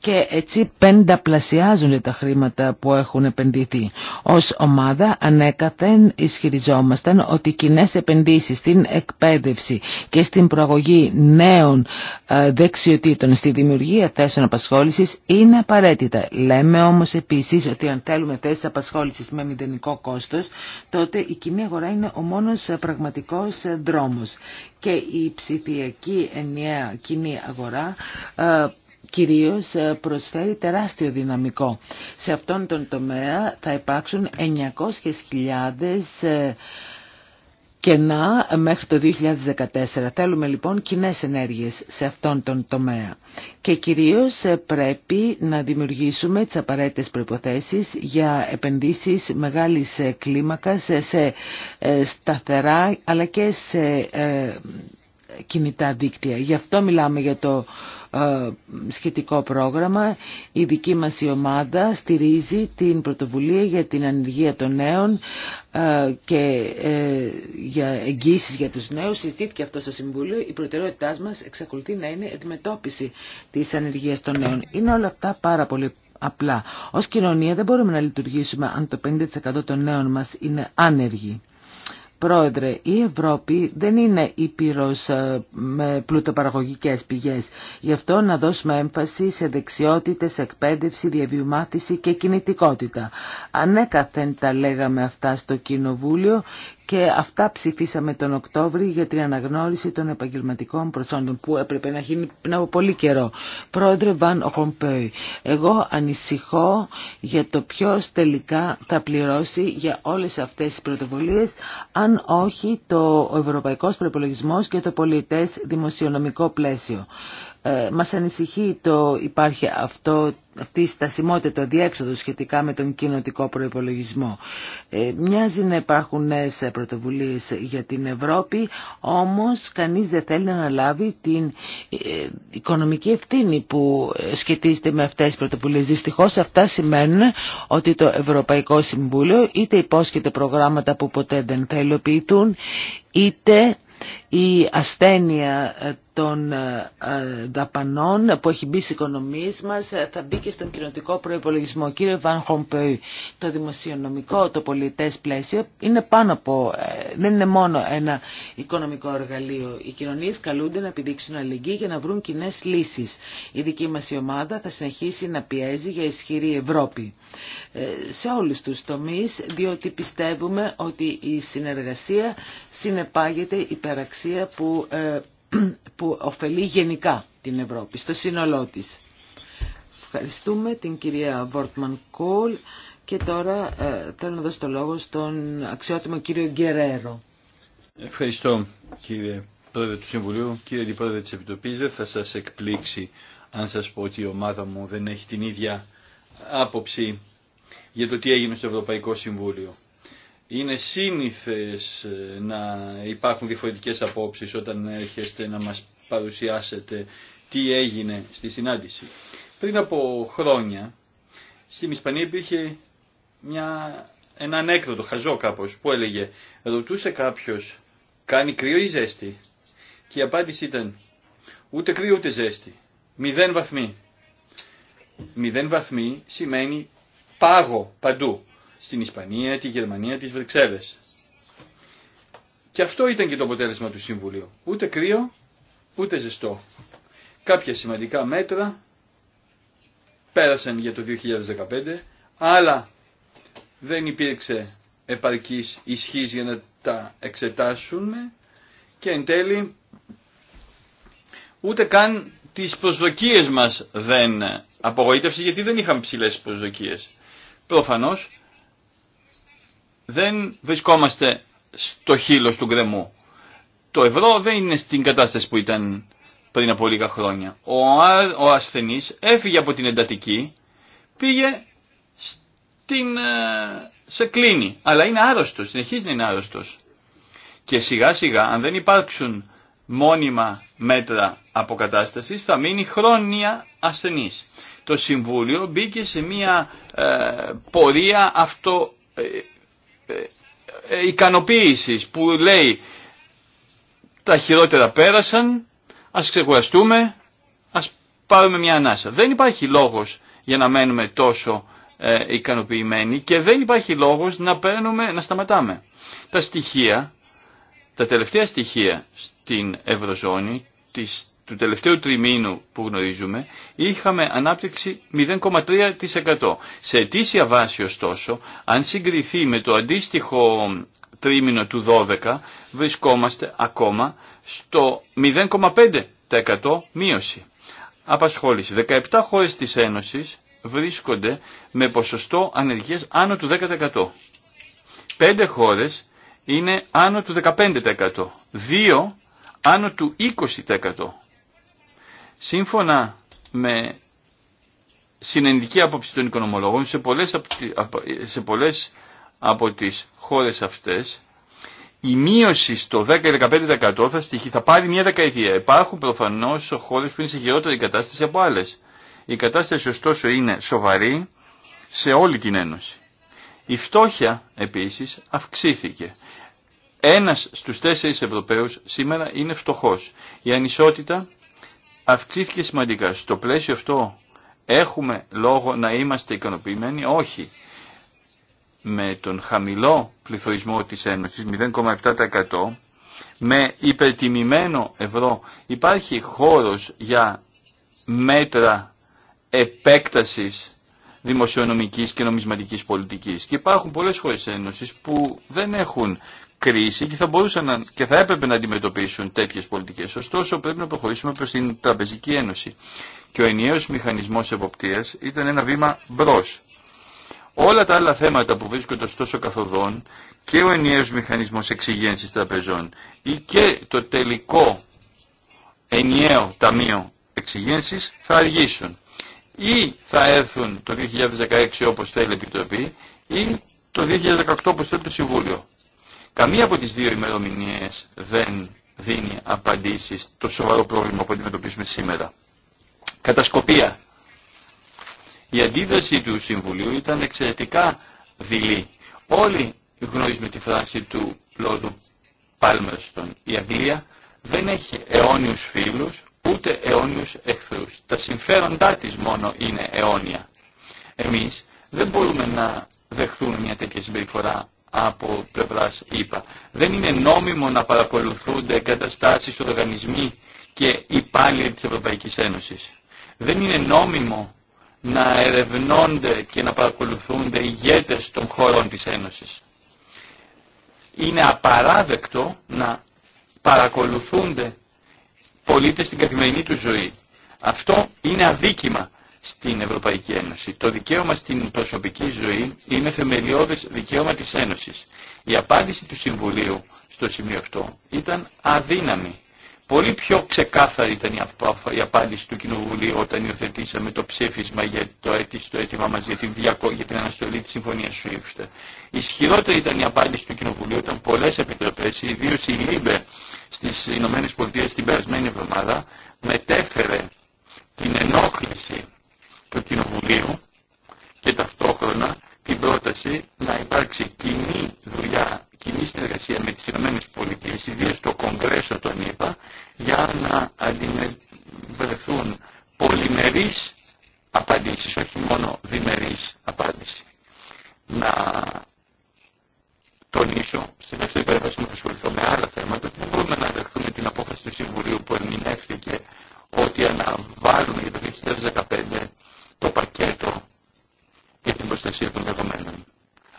[SPEAKER 3] και έτσι πενταπλασιάζουν τα χρήματα που έχουν επενδυθεί. Ως ομάδα ανέκαθεν ισχυριζόμασταν ότι οι κοινέ επενδύσεις στην εκπαίδευση και στην προαγωγή νέων ε, δεξιοτήτων στη δημιουργία θέσεων απασχόλησης είναι απαραίτητα. Λέμε όμως επίσης ότι αν θέλουμε θέσεις απασχόλησης με μηδενικό κόστος, τότε η κοινή αγορά είναι ο μόνος ε, πραγματικός ε, δρόμος. Και η ψηφιακή ενιαία κοινή αγορά κυρίως ε, προσφέρει τεράστιο δυναμικό. Σε αυτόν τον τομέα θα υπάρξουν 900.000 ε, κενά μέχρι το 2014. Θέλουμε λοιπόν κοινέ ενέργειες σε αυτόν τον τομέα. Και κυρίως ε, πρέπει να δημιουργήσουμε τις απαραίτητες προϋποθέσεις για επενδύσεις μεγάλης κλίμακας σε σταθερά αλλά και σε κινητά δίκτυα. Γι' αυτό μιλάμε για το ε, σχετικό πρόγραμμα. Η δική μας η ομάδα στηρίζει την πρωτοβουλία για την ανεργία των νέων ε, και ε, για εγγύσεις για τους νέους. Συζητήθηκε αυτό στο Συμβούλιο. Η προτεραιότητά μας εξακολουθεί να είναι η αντιμετώπιση της ανεργίας των νέων. Είναι όλα αυτά πάρα πολύ απλά. Ως κοινωνία δεν μπορούμε να λειτουργήσουμε αν το 50% των νέων μας είναι άνεργοι. Πρόεδρε, η Ευρώπη δεν είναι ήπειρος ε, με πλουτοπαραγωγικές πηγές. Γι' αυτό να δώσουμε έμφαση σε δεξιότητες, εκπαίδευση, διαβιωμάθηση και κινητικότητα. Ανέκαθεν τα λέγαμε αυτά στο Κοινοβούλιο και αυτά ψηφίσαμε τον Οκτώβρη για την αναγνώριση των επαγγελματικών προσόντων που έπρεπε να γίνει πριν από πολύ καιρό. Πρόεδρε Βαν Οχομπέι, εγώ ανησυχώ για το ποιο τελικά θα πληρώσει για όλες αυτές τις πρωτοβουλίες αν όχι το ευρωπαϊκός προπολογισμό και το πολιτές δημοσιονομικό πλαίσιο μα ε, μας ανησυχεί το υπάρχει αυτό, αυτή η στασιμότητα, το διέξοδο σχετικά με τον κοινοτικό προϋπολογισμό. Ε, μοιάζει να υπάρχουν νέες πρωτοβουλίες για την Ευρώπη, όμως κανείς δεν θέλει να αναλάβει την ε, οικονομική ευθύνη που σχετίζεται με αυτές τις πρωτοβουλίες. Δυστυχώς αυτά σημαίνουν ότι το Ευρωπαϊκό Συμβούλιο είτε υπόσχεται προγράμματα που ποτέ δεν θα υλοποιηθούν, είτε η ασθένεια ε, των ε, ε, δαπανών που έχει μπει στις οικονομίες μας θα μπει και στον κοινωτικό προϋπολογισμό. Κύριε Βαν Χομπέι, το δημοσιονομικό, το πολιτές πλαίσιο είναι πάνω από, δεν είναι μόνο ένα οικονομικό εργαλείο. Οι κοινωνίες καλούνται να επιδείξουν αλληλεγγύη για να βρουν κοινέ λύσεις. Η δική μας η ομάδα θα συνεχίσει να πιέζει για ισχυρή Ευρώπη. Σε όλους τους τομείς, διότι πιστεύουμε ότι η συνεργασία συνεπάγεται υπεραξία αξία που, ε, που ωφελεί γενικά την Ευρώπη, στο σύνολό της. Ευχαριστούμε την κυρία Βόρτμαν Κόλ και τώρα ε, θέλω να δώσω το λόγο στον αξιότιμο κύριο Γκερέρο.
[SPEAKER 1] Ευχαριστώ κύριε Πρόεδρε του Συμβουλίου, κύριε Αντιπρόεδρε της Επιτροπής. Δεν θα σας εκπλήξει αν σας πω ότι η ομάδα μου δεν έχει την ίδια άποψη για το τι έγινε στο Ευρωπαϊκό Συμβούλιο. Είναι σύνηθες ε, να υπάρχουν διαφορετικές απόψεις όταν έρχεστε να μας παρουσιάσετε τι έγινε στη συνάντηση. Πριν από χρόνια στην Ισπανία υπήρχε μια, ένα ανέκδοτο, χαζό κάπως, που έλεγε ρωτούσε κάποιος κάνει κρύο ή ζέστη και η απάντηση ήταν ούτε κρύο ούτε ζέστη, μηδέν βαθμοί. Μηδέν βαθμοί σημαίνει πάγο παντού στην Ισπανία, τη Γερμανία, τις Βρυξέλλες. Και αυτό ήταν και το αποτέλεσμα του Συμβουλίου. Ούτε κρύο, ούτε ζεστό. Κάποια σημαντικά μέτρα πέρασαν για το 2015, αλλά δεν υπήρξε επαρκής ισχύς για να τα εξετάσουμε και εν τέλει ούτε καν τις προσδοκίες μας δεν απογοήτευσε γιατί δεν είχαμε ψηλές προσδοκίες. Προφανώς δεν βρισκόμαστε στο χείλος του γκρεμού. Το ευρώ δεν είναι στην κατάσταση που ήταν πριν από λίγα χρόνια. Ο, ο ασθενής έφυγε από την εντατική, πήγε στην, ε, σε κλίνη, αλλά είναι άρρωστος, συνεχίζει να είναι άρρωστος. Και σιγά σιγά, αν δεν υπάρξουν μόνιμα μέτρα αποκατάστασης, θα μείνει χρόνια ασθενής. Το Συμβούλιο μπήκε σε μια ε, πορεία αυτό, ε, ικανοποίησης που λέει τα χειρότερα πέρασαν, ας ξεκουραστούμε, ας πάρουμε μια ανάσα. Δεν υπάρχει λόγος για να μένουμε τόσο ε, ικανοποιημένοι και δεν υπάρχει λόγος να, παίρνουμε, να σταματάμε. Τα στοιχεία, τα τελευταία στοιχεία στην Ευρωζώνη, τις του τελευταίου τριμήνου που γνωρίζουμε είχαμε ανάπτυξη 0,3%. Σε αιτήσια βάση ωστόσο, αν συγκριθεί με το αντίστοιχο τρίμηνο του 12, βρισκόμαστε ακόμα στο 0,5% μείωση. Απασχόληση. 17 χώρες της Ένωσης βρίσκονται με ποσοστό ανεργίας άνω του 10%. 5 χώρες είναι άνω του 15%. 2 άνω του 20%. Σύμφωνα με συνενδική άποψη των οικονομολόγων, σε πολλές, σε πολλές από τις χώρες αυτές, η μείωση στο 10-15% θα, θα πάρει μια δεκαετία. Υπάρχουν προφανώς χώρες που είναι σε χειρότερη κατάσταση από άλλες. Η κατάσταση ωστόσο είναι σοβαρή σε όλη την Ένωση. Η φτώχεια επίσης αυξήθηκε. Ένας στους τέσσερις Ευρωπαίους σήμερα είναι φτωχός. Η ανισότητα αυξήθηκε σημαντικά. Στο πλαίσιο αυτό έχουμε λόγο να είμαστε ικανοποιημένοι. Όχι. Με τον χαμηλό πληθωρισμό της Ένωσης, 0,7%, με υπερτιμημένο ευρώ, υπάρχει χώρος για μέτρα επέκτασης δημοσιονομικής και νομισματικής πολιτικής. Και υπάρχουν πολλές χώρες Ένωσης που δεν έχουν κρίση και θα μπορούσαν να, και θα έπρεπε να αντιμετωπίσουν τέτοιες πολιτικές. Ωστόσο πρέπει να προχωρήσουμε προς την Τραπεζική Ένωση. Και ο ενιαίος μηχανισμός εποπτείας ήταν ένα βήμα μπρο. Όλα τα άλλα θέματα που βρίσκονται ωστόσο καθοδόν και ο ενιαίος μηχανισμός εξυγένσης τραπεζών ή και το τελικό ενιαίο ταμείο εξυγένσης θα αργήσουν. Ή θα έρθουν το 2016 όπως θέλει η Επιτροπή ή το 2018 όπως θέλει το Συμβούλιο. Καμία από τις δύο ημερομηνίες δεν δίνει απαντήσεις στο σοβαρό πρόβλημα που αντιμετωπίζουμε σήμερα. Κατασκοπία. Η αντίδραση του Συμβουλίου ήταν εξαιρετικά δειλή. Όλοι γνωρίζουμε τη φράση του Λόδου Πάλμερστον. Η Αγγλία δεν έχει αιώνιους φίλους, ούτε αιώνιους εχθρούς. Τα συμφέροντά της μόνο είναι αιώνια. Εμείς δεν μπορούμε να δεχθούμε μια τέτοια συμπεριφορά από πλευρά ΗΠΑ. Δεν είναι νόμιμο να παρακολουθούνται εγκαταστάσεις, οργανισμοί και υπάλληλοι της Ευρωπαϊκής Ένωσης. Δεν είναι νόμιμο να ερευνώνται και να παρακολουθούνται ηγέτες των χωρών της Ένωσης. Είναι απαράδεκτο να παρακολουθούνται πολίτες στην καθημερινή του ζωή. Αυτό είναι αδίκημα στην Ευρωπαϊκή Ένωση. Το δικαίωμα στην προσωπική ζωή είναι θεμελιώδες δικαίωμα της Ένωσης. Η απάντηση του Συμβουλίου στο σημείο αυτό ήταν αδύναμη. Πολύ πιο ξεκάθαρη ήταν η απάντηση του Κοινοβουλίου όταν υιοθετήσαμε το ψήφισμα για το αίτημα μας για την, για την αναστολή της Συμφωνίας SWIFT. Ισχυρότερη ήταν η απάντηση του Κοινοβουλίου όταν πολλές επιτροπές, ιδίως η ΛΥΜΠΕ στις Ηνωμένες Πολιτείες την περασμένη εβδομάδα, μετέφερε την ενόχληση του Κοινοβουλίου και ταυτόχρονα την πρόταση να υπάρξει κοινή δουλειά, κοινή συνεργασία με τις Ηνωμένες Πολιτείες, ιδίως το Κογκρέσο τον είπα, για να αντιμετωπιστούν πολυμερείς απαντήσεις, όχι μόνο διμερείς απάντηση. Να τονίσω στην δεύτερη περίπτωση να ασχοληθώ με άλλα θέματα ότι δεν μπορούμε να δεχθούμε την απόφαση του Συμβουλίου που ερμηνεύτηκε ότι αναβάλουμε για το 2015 το πακέτο για την προστασία των δεδομένων.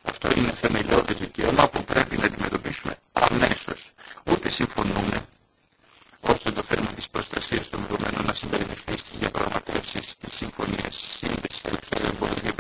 [SPEAKER 1] Αυτό είναι θεμελιώδη δικαίωμα που πρέπει να αντιμετωπίσουμε αμέσω. Ούτε συμφωνούμε ώστε το θέμα της προστασία των δεδομένων να συμπεριληφθεί στις διαπραγματεύσεις
[SPEAKER 3] τη Συμφωνίας Σύνδεση Ελευθερία Εμπορία.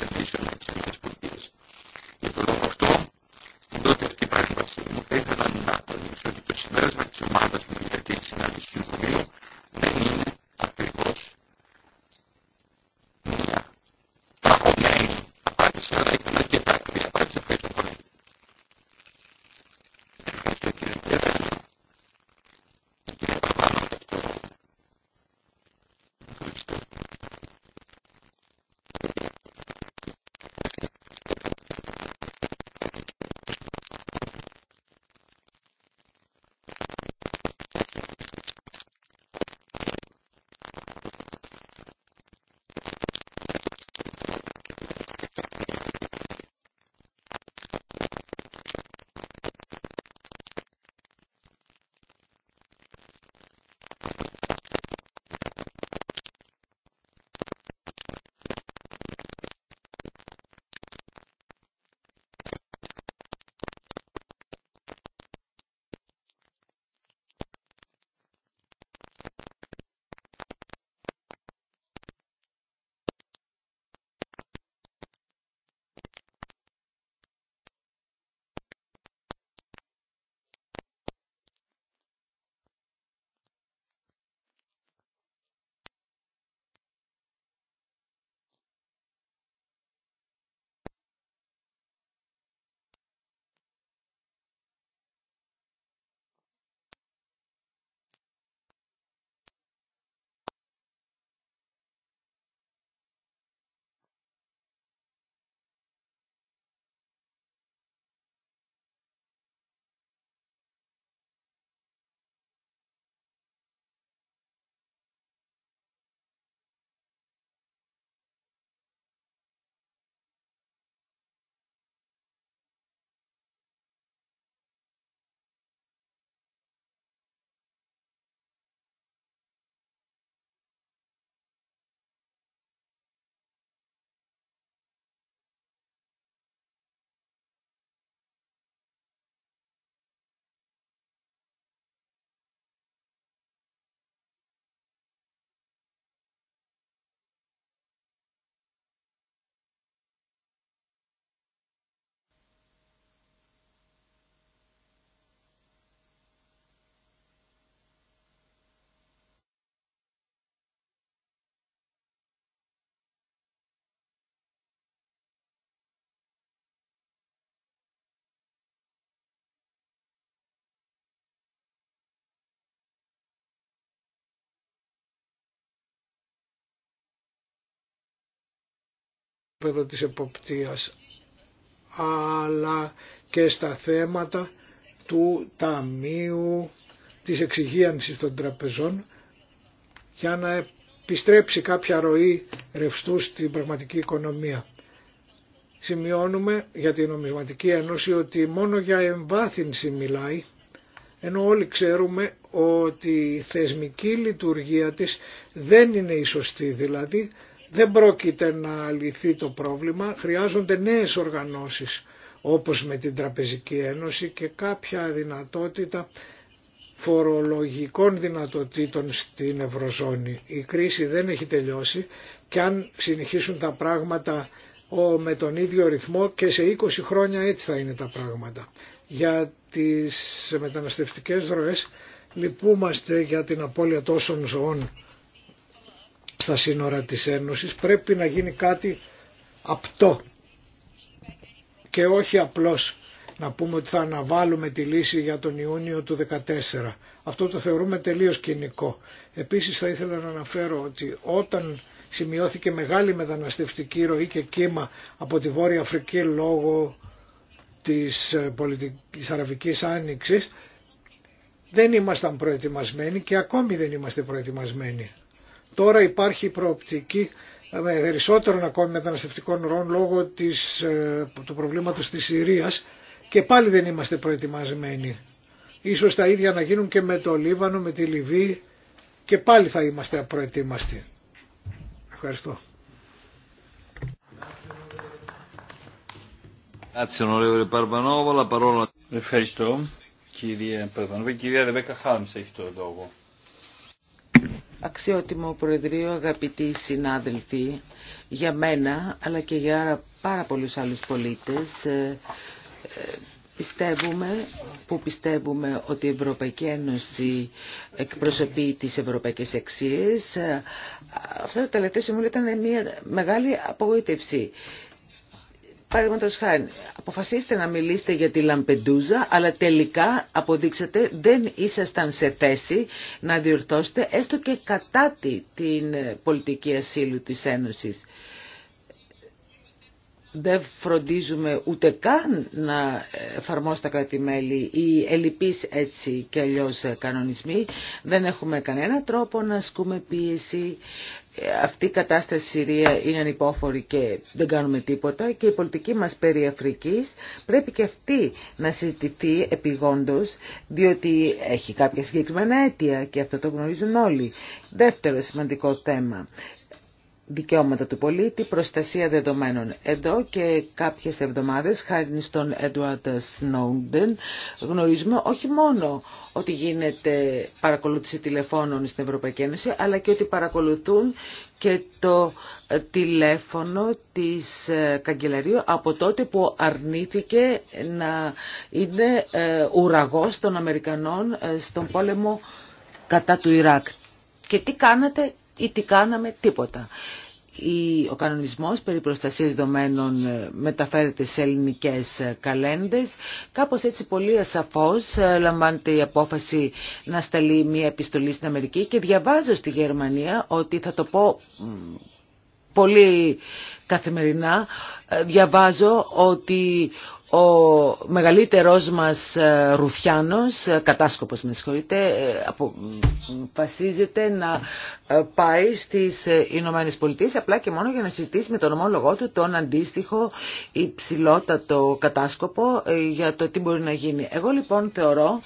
[SPEAKER 2] επίπεδο της εποπτείας αλλά και στα θέματα του Ταμείου της Εξυγίανσης των Τραπεζών για να επιστρέψει κάποια ροή ρευστού στην πραγματική οικονομία. Σημειώνουμε για την Νομισματική Ένωση ότι μόνο για εμβάθυνση μιλάει ενώ όλοι ξέρουμε ότι η θεσμική λειτουργία της δεν είναι η σωστή, δηλαδή δεν πρόκειται να λυθεί το πρόβλημα, χρειάζονται νέες οργανώσεις όπως με την Τραπεζική Ένωση και κάποια δυνατότητα φορολογικών δυνατοτήτων στην Ευρωζώνη. Η κρίση δεν έχει τελειώσει και αν συνεχίσουν τα πράγματα με τον ίδιο ρυθμό και σε 20 χρόνια έτσι θα είναι τα πράγματα. Για τις μεταναστευτικές ροές λυπούμαστε για την απώλεια τόσων ζωών στα σύνορα της Ένωσης πρέπει να γίνει κάτι απτό και όχι απλώς να πούμε ότι θα αναβάλουμε τη λύση για τον Ιούνιο του 2014. Αυτό το θεωρούμε τελείως κοινικό. Επίσης θα ήθελα να αναφέρω ότι όταν σημειώθηκε μεγάλη μεταναστευτική ροή και κύμα από τη Βόρεια Αφρική λόγω της ε, πολιτικής αραβικής άνοιξης δεν ήμασταν προετοιμασμένοι και ακόμη δεν είμαστε προετοιμασμένοι. Τώρα υπάρχει προοπτική με περισσότερων ακόμη μεταναστευτικών ροών λόγω της, ε, του προβλήματος της Συρίας και πάλι δεν είμαστε προετοιμασμένοι. Ίσως τα ίδια να γίνουν και με το Λίβανο, με τη Λιβύη και πάλι θα είμαστε απροετοίμαστοι. Ευχαριστώ.
[SPEAKER 1] Ευχαριστώ κύριε Παρβανόβα. Κυρία Ρεβέκα Χάρμς έχει το λόγο.
[SPEAKER 3] Αξιότιμο Προεδρείο, αγαπητοί συνάδελφοι, για μένα αλλά και για πάρα πολλούς άλλους πολίτες ε, πιστεύουμε, που πιστεύουμε ότι η Ευρωπαϊκή Ένωση εκπροσωπεί τις ευρωπαϊκές αξίες. Ε, αυτά τα τελευταία συμβούλια ήταν μια μεγάλη απογοήτευση. Παραδείγματο χάρη, αποφασίστε να μιλήσετε για τη Λαμπεντούζα, αλλά τελικά αποδείξατε δεν ήσασταν σε θέση να διορθώσετε έστω και κατά τη, την πολιτική ασύλου της Ένωσης. Δεν φροντίζουμε ούτε καν να εφαρμόσουν τα κρατημέλη ή ελλειπείς έτσι και αλλιώς κανονισμοί. Δεν έχουμε κανένα τρόπο να ασκούμε πίεση αυτή η κατάσταση στη Συρία είναι ανυπόφορη και δεν κάνουμε τίποτα και η πολιτική μας περί Αφρικής πρέπει και αυτή να συζητηθεί επιγόντως διότι έχει κάποια συγκεκριμένα αίτια και αυτό το γνωρίζουν όλοι. Δεύτερο σημαντικό θέμα δικαιώματα του πολίτη, προστασία δεδομένων. Εδώ και κάποιες εβδομάδες, χάρη στον Edward Snowden, γνωρίζουμε όχι μόνο ότι γίνεται παρακολούθηση τηλεφώνων στην Ευρωπαϊκή Ένωση, αλλά και ότι παρακολουθούν και το τηλέφωνο της Καγκελαρίου από τότε που αρνήθηκε να είναι ε, ουραγός των Αμερικανών ε, στον πόλεμο κατά του Ιράκ. Και τι κάνατε ή τι κάναμε, τίποτα ο κανονισμός περί προστασίας δομένων ε, μεταφέρεται σε ελληνικές ε, καλένδες. Κάπως έτσι πολύ ασαφώς ε, λαμβάνεται η απόφαση να σταλεί μια επιστολή στην Αμερική και διαβάζω στη Γερμανία ότι θα το πω πολύ καθημερινά διαβάζω ότι ο μεγαλύτερός μας ε, Ρουφιάνος, ε, κατάσκοπος με συγχωρείτε, ε, αποφασίζεται να πάει στις Ηνωμένες Πολιτείες απλά και μόνο για να συζητήσει με τον ομόλογό του τον αντίστοιχο υψηλότατο κατάσκοπο για το τι μπορεί να γίνει. Εγώ λοιπόν θεωρώ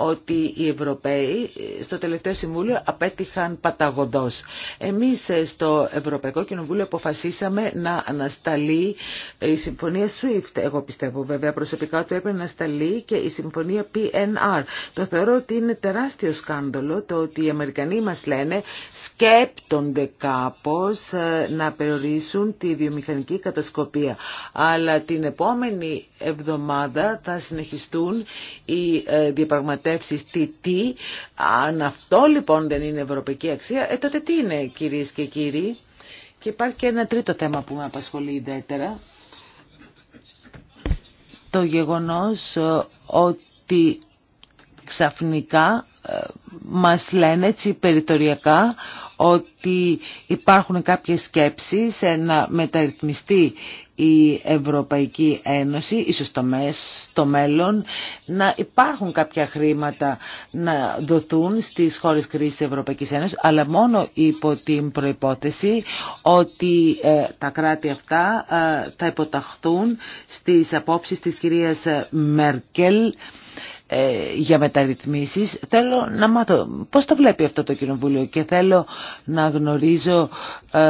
[SPEAKER 3] ότι οι Ευρωπαίοι στο τελευταίο Συμβούλιο απέτυχαν παταγωδός. Εμείς στο Ευρωπαϊκό Κοινοβούλιο αποφασίσαμε να ανασταλεί η συμφωνία SWIFT. Εγώ πιστεύω βέβαια προσωπικά ότι έπρεπε να ανασταλεί και η συμφωνία PNR. Το θεωρώ ότι είναι τεράστιο σκάνδαλο το ότι οι Αμερικανοί μας λένε σκέπτονται κάπως ε, να περιορίσουν τη βιομηχανική κατασκοπία. Αλλά την επόμενη εβδομάδα θα συνεχιστούν οι ε, διαπραγματεύσεις τι τι, αν αυτό λοιπόν δεν είναι ευρωπαϊκή αξία, ε, τότε τι είναι κυρίες και κύριοι. Και υπάρχει και ένα τρίτο θέμα που με απασχολεί ιδιαίτερα. Το γεγονός ε, ότι ξαφνικά ε, μας λένε έτσι ότι υπάρχουν κάποιες σκέψεις να μεταρρυθμιστεί η Ευρωπαϊκή Ένωση, ίσως το, στο μέλλον, να υπάρχουν κάποια χρήματα να δοθούν στις χώρες κρίσης Ευρωπαϊκής Ένωσης, αλλά μόνο υπό την προϋπόθεση ότι ε, τα κράτη αυτά ε, θα υποταχθούν στις απόψεις της κυρίας Μέρκελ ε, για μεταρρυθμίσεις. Θέλω να μάθω πώς το βλέπει αυτό το κοινοβούλιο και θέλω να γνωρίζω ε,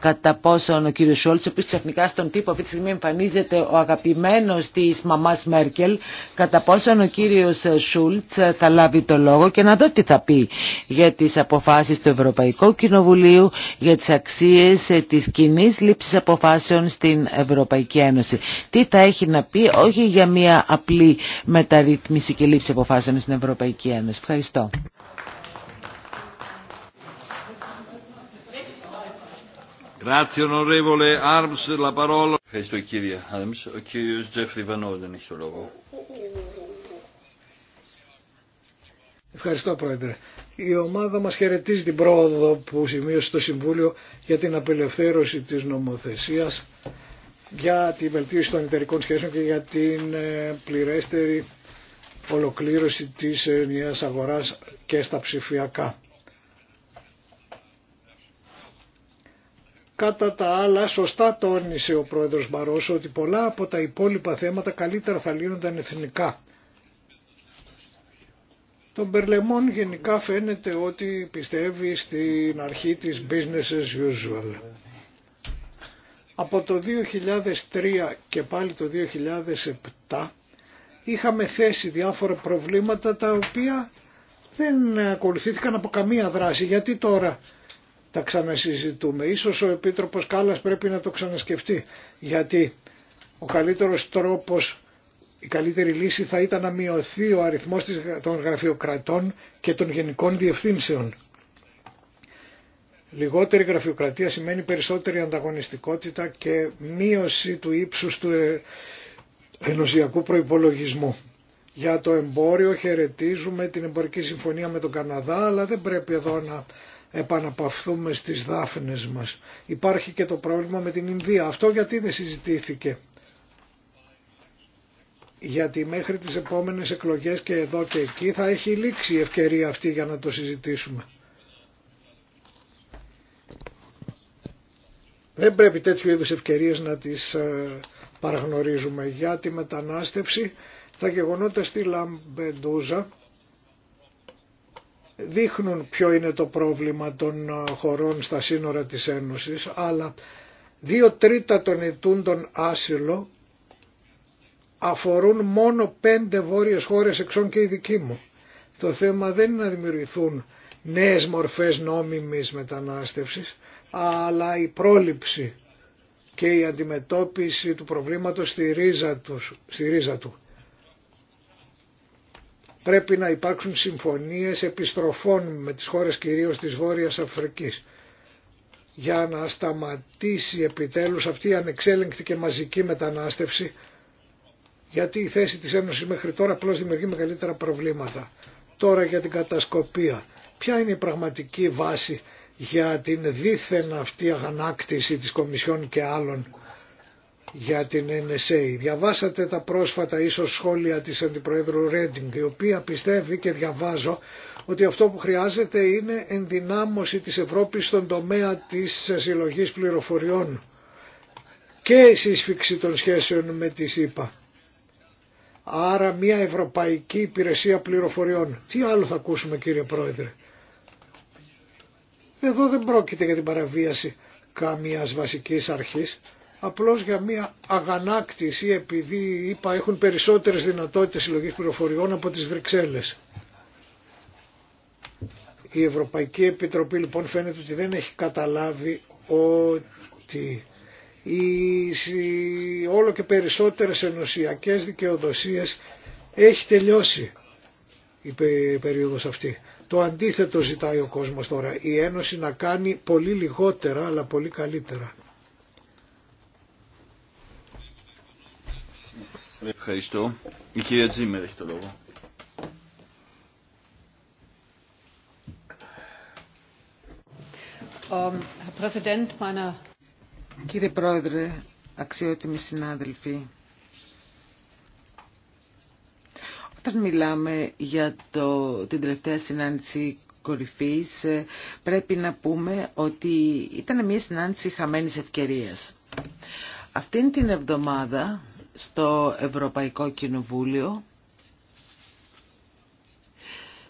[SPEAKER 3] κατά πόσον ο κύριος Σόλτς, ο οποίος ξαφνικά στον τύπο αυτή τη στιγμή εμφανίζεται ο αγαπημένος της μαμάς Μέρκελ, κατά πόσον ο κύριος Σούλτς θα λάβει το λόγο και να δω τι θα πει για τις αποφάσεις του Ευρωπαϊκού Κοινοβουλίου, για τις αξίες της κοινή λήψης αποφάσεων στην Ευρωπαϊκή Ένωση. Τι θα έχει να πει όχι για μια απλή μεταρρύθμιση μεταρρύθμιση και λήψη αποφάσεων στην Ευρωπαϊκή Ένωση. Ευχαριστώ.
[SPEAKER 1] Ευχαριστώ κύριε Ο κύριος Τζέφρι δεν έχει το λόγο.
[SPEAKER 2] Ευχαριστώ πρόεδρε. Η ομάδα μας χαιρετίζει την πρόοδο που σημείωσε το Συμβούλιο για την απελευθέρωση της νομοθεσίας για τη βελτίωση των εταιρικών σχέσεων και για την ε, πληρέστερη ολοκλήρωση της ενιαίας αγοράς και στα ψηφιακά. Κατά τα άλλα, σωστά τόνισε ο πρόεδρος Μπαρόσο ότι πολλά από τα υπόλοιπα θέματα καλύτερα θα λύνονταν εθνικά. Το Μπερλεμόν γενικά φαίνεται ότι πιστεύει στην αρχή της business as usual. Από το 2003 και πάλι το 2007 είχαμε θέσει διάφορα προβλήματα τα οποία δεν ακολουθήθηκαν από καμία δράση. Γιατί τώρα τα ξανασυζητούμε. Ίσως ο Επίτροπος Κάλλας πρέπει να το ξανασκεφτεί. Γιατί ο καλύτερος τρόπος, η καλύτερη λύση θα ήταν να μειωθεί ο αριθμός των γραφειοκρατών και των γενικών διευθύνσεων. Λιγότερη γραφειοκρατία σημαίνει περισσότερη ανταγωνιστικότητα και μείωση του ύψους του ε, ενωσιακού προϋπολογισμού. Για το εμπόριο χαιρετίζουμε την εμπορική συμφωνία με τον Καναδά, αλλά δεν πρέπει εδώ να επαναπαυθούμε στις δάφνες μας. Υπάρχει και το πρόβλημα με την Ινδία. Αυτό γιατί δεν συζητήθηκε. Γιατί μέχρι τις επόμενες εκλογές και εδώ και εκεί θα έχει λήξει η ευκαιρία αυτή για να το συζητήσουμε. Δεν πρέπει τέτοιου είδους ευκαιρίες να τις ε, παραγνωρίζουμε για τη μετανάστευση. Τα γεγονότα στη Λαμπεντούζα δείχνουν ποιο είναι το πρόβλημα των χωρών στα σύνορα της Ένωσης, αλλά δύο τρίτα των ετούντων άσυλο αφορούν μόνο πέντε βόρειες χώρες εξών και η δική μου. Το θέμα δεν είναι να δημιουργηθούν νέες μορφές νόμιμης μετανάστευσης, αλλά η πρόληψη και η αντιμετώπιση του προβλήματος στη ρίζα, του. Πρέπει να υπάρξουν συμφωνίες επιστροφών με τις χώρες κυρίως της Βόρειας Αφρικής για να σταματήσει επιτέλους αυτή η ανεξέλεγκτη και μαζική μετανάστευση γιατί η θέση της Ένωσης μέχρι τώρα απλώ δημιουργεί μεγαλύτερα προβλήματα. Τώρα για την κατασκοπία. Ποια είναι η πραγματική βάση για την δίθεν αυτή αγανάκτηση της Κομισιόν και άλλων για την NSA. Διαβάσατε τα πρόσφατα ίσως σχόλια της Αντιπροέδρου Ρέντινγκ, η οποία πιστεύει και διαβάζω ότι αυτό που χρειάζεται είναι ενδυνάμωση της Ευρώπης στον τομέα της συλλογής πληροφοριών και σύσφυξη των σχέσεων με τη ΣΥΠΑ. Άρα μια Ευρωπαϊκή Υπηρεσία Πληροφοριών. Τι άλλο θα ακούσουμε κύριε Πρόεδρε. Εδώ δεν πρόκειται για την παραβίαση καμίας βασικής αρχής, απλώς για μια αγανάκτηση επειδή είπα έχουν περισσότερες δυνατότητες συλλογής πληροφοριών από τις Βρυξέλλες. Η Ευρωπαϊκή Επιτροπή λοιπόν φαίνεται ότι δεν έχει καταλάβει ότι οι όλο και περισσότερες ενωσιακές δικαιοδοσίες έχει τελειώσει η περίοδος αυτή. Το αντίθετο ζητάει ο κόσμος τώρα. Η Ένωση να κάνει πολύ λιγότερα αλλά πολύ καλύτερα.
[SPEAKER 1] Ευχαριστώ. Η κυρία Τζίμερ έχει το λόγο.
[SPEAKER 3] Um, Κύριε Πρόεδρε, αξιότιμοι συνάδελφοι, Όταν μιλάμε για το, την τελευταία συνάντηση κορυφής, ε, πρέπει να πούμε ότι ήταν μια συνάντηση χαμένης ευκαιρίας. Αυτήν την εβδομάδα στο Ευρωπαϊκό Κοινοβούλιο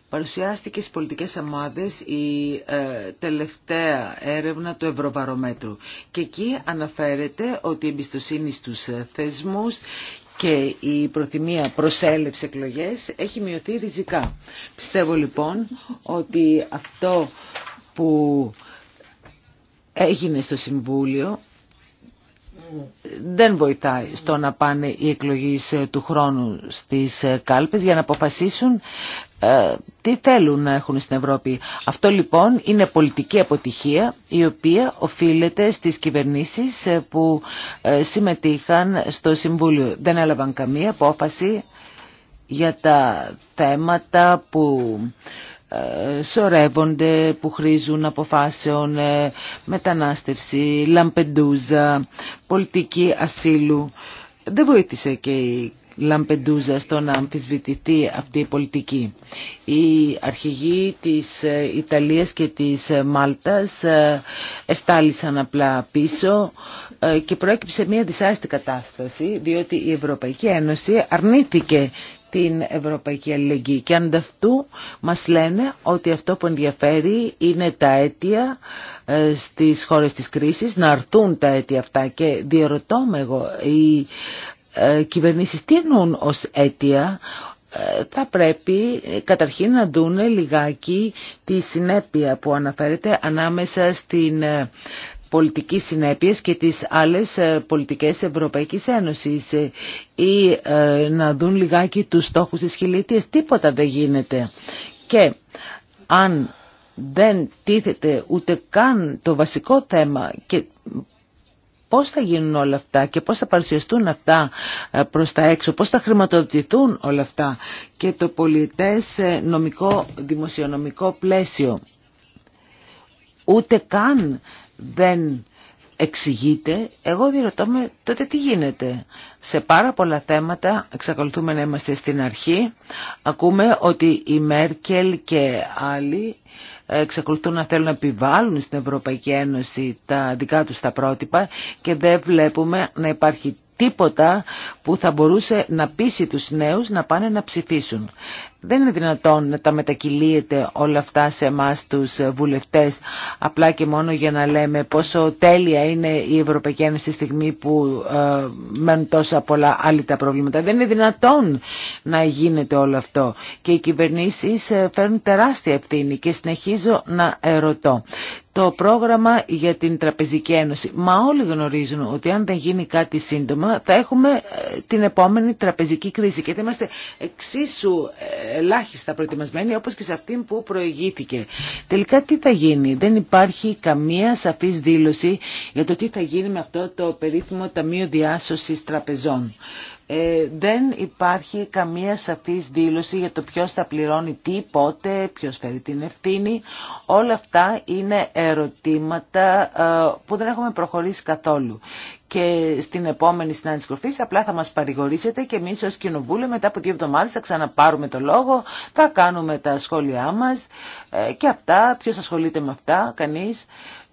[SPEAKER 3] παρουσιάστηκε στις πολιτικές ομάδες η ε, τελευταία έρευνα του Ευρωβαρομέτρου. Και εκεί αναφέρεται ότι η εμπιστοσύνη στους ε, θεσμούς και η προθυμία προσέλευση εκλογές έχει μειωθεί ριζικά. Πιστεύω λοιπόν ότι αυτό που έγινε στο Συμβούλιο δεν βοηθάει στο να πάνε οι εκλογείς του χρόνου στις κάλπες για να αποφασίσουν ε, τι θέλουν να έχουν στην Ευρώπη. Αυτό λοιπόν είναι πολιτική αποτυχία η οποία οφείλεται στις κυβερνήσεις ε, που ε, συμμετείχαν στο Συμβούλιο. Δεν έλαβαν καμία απόφαση για τα θέματα που σωρεύονται, που χρήζουν αποφάσεων, μετανάστευση, λαμπεντούζα, πολιτική ασύλου. Δεν βοήθησε και η Λαμπεντούζα στο να αμφισβητηθεί αυτή η πολιτική. Οι αρχηγοί της ε, Ιταλίας και της ε, Μάλτας ε, εστάλησαν απλά πίσω και προέκυψε μια δυσάρεστη κατάσταση διότι η Ευρωπαϊκή Ένωση αρνήθηκε την Ευρωπαϊκή Αλληλεγγύη και ανταυτού μας λένε ότι αυτό που ενδιαφέρει είναι τα αίτια στις χώρες της κρίσης να αρθούν τα αίτια αυτά και διαρωτώ. με εγώ η ε, κυβερνήσεις τι εννοούν ως αίτια ε, θα πρέπει ε, καταρχήν να δούνε λιγάκι τη συνέπεια που αναφέρεται ανάμεσα στην πολιτική συνέπειες και τις άλλες πολιτικές Ευρωπαϊκής Ένωσης ή να δουν λιγάκι τους στόχους της χιλίτιας. Τίποτα δεν γίνεται. Και αν δεν τίθεται ούτε καν το βασικό θέμα και Πώς θα γίνουν όλα αυτά και πώς θα παρουσιαστούν αυτά ε, προς τα έξω, πώς θα χρηματοδοτηθούν όλα αυτά και το πολιτές ε, νομικό δημοσιονομικό πλαίσιο. Ούτε καν δεν εξηγείται, εγώ διερωτώ με τότε τι γίνεται. Σε πάρα πολλά θέματα, εξακολουθούμε να είμαστε στην αρχή, ακούμε ότι η Μέρκελ και άλλοι εξακολουθούν να θέλουν να επιβάλλουν στην Ευρωπαϊκή Ένωση τα δικά τους τα πρότυπα και δεν βλέπουμε να υπάρχει τίποτα που θα μπορούσε να πείσει τους νέους να πάνε να ψηφίσουν. Δεν είναι δυνατόν να τα μετακυλίεται όλα αυτά σε εμά τους βουλευτές απλά και μόνο για να λέμε πόσο τέλεια είναι η Ευρωπαϊκή Ένωση στη στιγμή που ε, μένουν τόσα πολλά άλλη τα προβλήματα. Δεν είναι δυνατόν να γίνεται όλο αυτό. Και οι κυβερνήσεις ε, φέρνουν τεράστια ευθύνη και συνεχίζω να ερωτώ το πρόγραμμα για την Τραπεζική Ένωση. Μα όλοι γνωρίζουν ότι αν δεν γίνει κάτι σύντομα θα έχουμε ε, την επόμενη τραπεζική κρίση και είμαστε εξίσου ε, ελάχιστα προετοιμασμένη, όπως και σε αυτήν που προηγήθηκε. Τελικά τι θα γίνει. Δεν υπάρχει καμία σαφής δήλωση για το τι θα γίνει με αυτό το περίφημο Ταμείο Διάσωσης Τραπεζών. Ε, δεν υπάρχει καμία σαφής δήλωση για το ποιος θα πληρώνει τι, πότε, ποιος φέρει την ευθύνη. Όλα αυτά είναι ερωτήματα ε, που δεν έχουμε προχωρήσει καθόλου και στην επόμενη συνάντηση κορφή απλά θα μας παρηγορήσετε και εμείς ως κοινοβούλιο μετά από δύο εβδομάδες θα ξαναπάρουμε το λόγο, θα κάνουμε τα σχόλιά μας ε, και αυτά, ποιος ασχολείται με αυτά, κανείς.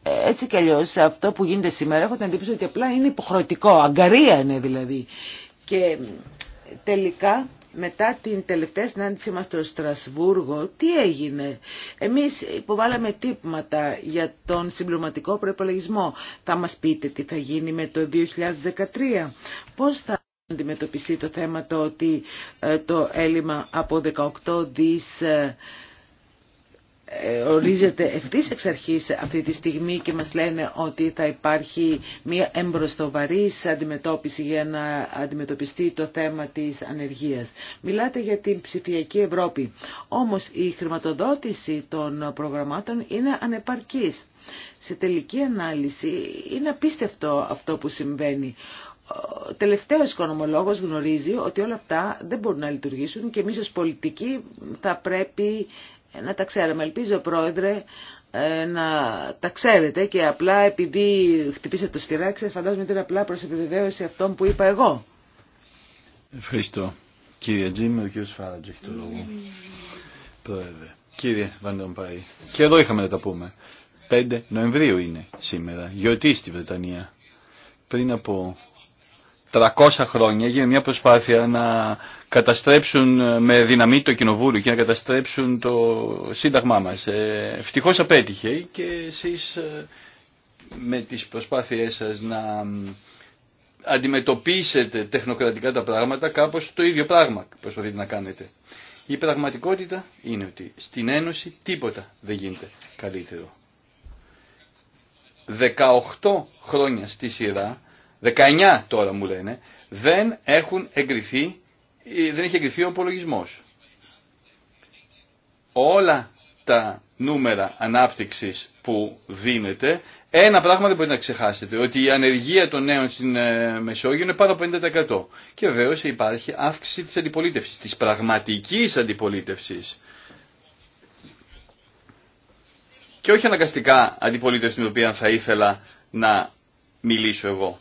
[SPEAKER 3] Ε, έτσι κι αλλιώς αυτό που γίνεται σήμερα έχω την εντύπωση ότι απλά είναι υποχρεωτικό, αγκαρία είναι δηλαδή. Και τελικά μετά την τελευταία συνάντησή μας στο Στρασβούργο, τι έγινε. Εμείς υποβάλαμε τύπματα για τον συμπληρωματικό προϋπολογισμό. Θα μας πείτε τι θα γίνει με το 2013. Πώς θα αντιμετωπιστεί το θέμα το ότι ε, το έλλειμμα από 18 δις ε, ε, ορίζεται ευθύ εξ αρχή αυτή τη στιγμή και μας λένε ότι θα υπάρχει μια εμπροστοβαρής αντιμετώπιση για να αντιμετωπιστεί το θέμα της ανεργίας. Μιλάτε για την ψηφιακή Ευρώπη, όμως η χρηματοδότηση των προγραμμάτων είναι ανεπαρκής. Σε τελική ανάλυση είναι απίστευτο αυτό που συμβαίνει. Ο τελευταίος οικονομολόγος γνωρίζει ότι όλα αυτά δεν μπορούν να λειτουργήσουν και εμείς ως πολιτικοί θα πρέπει ε, να τα ξέραμε. Ελπίζω, Πρόεδρε, ε, να τα ξέρετε και απλά επειδή χτυπήσατε το σφυράκι φαντάζομαι ότι είναι απλά προς επιβεβαίωση αυτών που είπα εγώ.
[SPEAKER 1] Ευχαριστώ. Κύριε Τζίμ, ο κύριος Φάρατζ έχει το λόγο. Πρόεδρε. Κύριε Βαντομπάη, και εδώ είχαμε να τα πούμε. 5 Νοεμβρίου είναι σήμερα, γιορτή στη Βρετανία. Πριν από 300 χρόνια έγινε μια προσπάθεια να καταστρέψουν ε, με δυναμή το κοινοβούλιο και να καταστρέψουν το σύνταγμά μας. Ε, Ευτυχώ απέτυχε και εσείς ε, με τις προσπάθειές σας να αντιμετωπίσετε τεχνοκρατικά τα πράγματα κάπως το ίδιο πράγμα προσπαθείτε να κάνετε. Η πραγματικότητα είναι ότι στην Ένωση τίποτα δεν γίνεται καλύτερο. 18 χρόνια στη σειρά, 19 τώρα μου λένε, δεν έχουν εγκριθεί ε, δεν έχει εγκριθεί ο απολογισμό. Όλα τα νούμερα ανάπτυξης που δίνεται, ένα πράγμα δεν μπορεί να ξεχάσετε, ότι η ανεργία των νέων στην ε, Μεσόγειο είναι πάνω από 50%. Και βεβαίως υπάρχει αύξηση της αντιπολίτευσης, της πραγματικής αντιπολίτευσης. Και όχι αναγκαστικά αντιπολίτευση την οποία θα ήθελα να μιλήσω εγώ.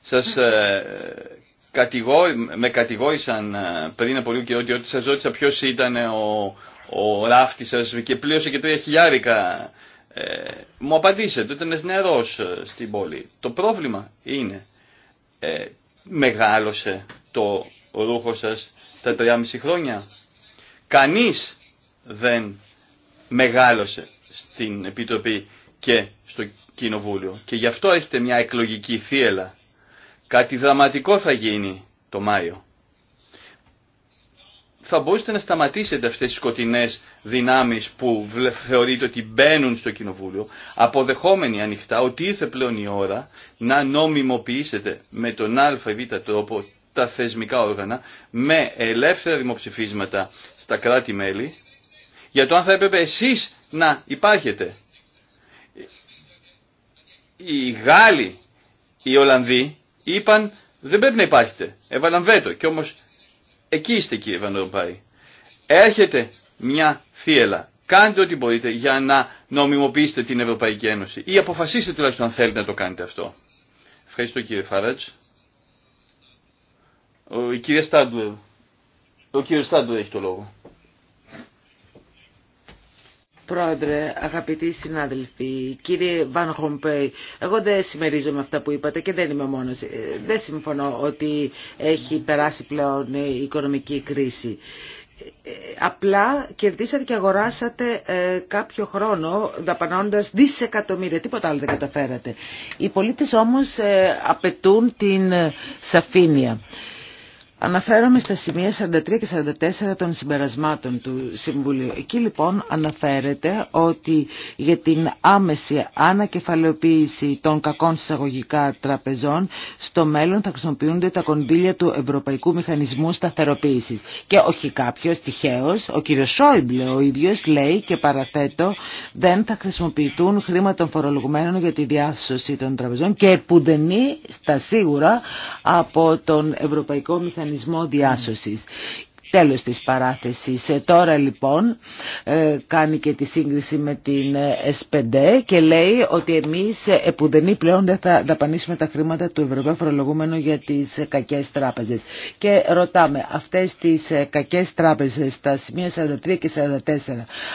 [SPEAKER 1] Σας ε, με κατηγόρησαν ε, πριν από λίγο καιρό ότι σας ρώτησα ποιος ήταν ο, ο ράφτης σας και πλήρωσε και τρία χιλιάρικα. Ε, μου απαντήσετε, ήταν νερό ε, στην πόλη. Το πρόβλημα είναι, ε, μεγάλωσε το ρούχο σας τα 3,5 χρόνια. Κανείς δεν μεγάλωσε στην Επιτροπή και στο Κοινοβούλιο. Και γι' αυτό έχετε μια εκλογική θύελα. Κάτι δραματικό θα γίνει το Μάιο. Θα μπορούσατε να σταματήσετε αυτές τις σκοτεινές δυνάμεις που θεωρείτε ότι μπαίνουν στο Κοινοβούλιο, αποδεχόμενοι ανοιχτά ότι ήρθε πλέον η ώρα να νομιμοποιήσετε με τον α ή τρόπο τα θεσμικά όργανα με ελεύθερα δημοψηφίσματα στα κράτη-μέλη για το αν θα έπρεπε εσείς να υπάρχετε. Οι Γάλλοι, οι Ολλανδοί είπαν δεν πρέπει να υπάρχετε. Έβαλαν βέτο και όμως εκεί είστε κύριε Βανρομπάη. Έρχεται μια θύελα. Κάντε ό,τι μπορείτε για να νομιμοποιήσετε την Ευρωπαϊκή Ένωση ή αποφασίστε τουλάχιστον αν θέλετε να το κάνετε αυτό. Ευχαριστώ κύριε Φάρατς. Ο, η κυρία Ο κύριος Στάντλερ έχει το λόγο.
[SPEAKER 3] Πρόεδρε, αγαπητοί συνάδελφοι, κύριε Βαν Χομπέι, εγώ δεν συμμερίζομαι αυτά που είπατε και δεν είμαι μόνος. Ε, δεν συμφωνώ ότι έχει περάσει πλέον η οικονομική κρίση. Ε, απλά κερδίσατε και αγοράσατε ε, κάποιο χρόνο δαπανώντας δισεκατομμύρια. Τίποτα άλλο δεν καταφέρατε. Οι πολίτες όμως απαιτούν την σαφήνεια. Αναφέρομαι στα σημεία 43 και 44 των συμπερασμάτων του Συμβουλίου. Εκεί λοιπόν αναφέρεται ότι για την άμεση ανακεφαλαιοποίηση των κακών συσταγωγικά τραπεζών στο μέλλον θα χρησιμοποιούνται τα κονδύλια του Ευρωπαϊκού Μηχανισμού Σταθεροποίησης. Και όχι κάποιο τυχαίος, ο κύριος Σόιμπλε ο ίδιος λέει και παραθέτω δεν θα χρησιμοποιηθούν χρήματα των φορολογουμένων για τη διάσωση των τραπεζών και πουδενή στα σίγουρα από τον Ευρωπαϊκό Μηχανισμό μηχανισμό διάσωσης τέλος της παράθεσης. Ε, τώρα λοιπόν ε, κάνει και τη σύγκριση με την ε, S5 και λέει ότι εμείς είναι πλέον δεν θα δαπανίσουμε τα χρήματα του Ευρωπαίου Φορολογούμενου για τις κακές τράπεζες. Και ρωτάμε αυτές τις κακές τράπεζες στα σημεία 43 και 44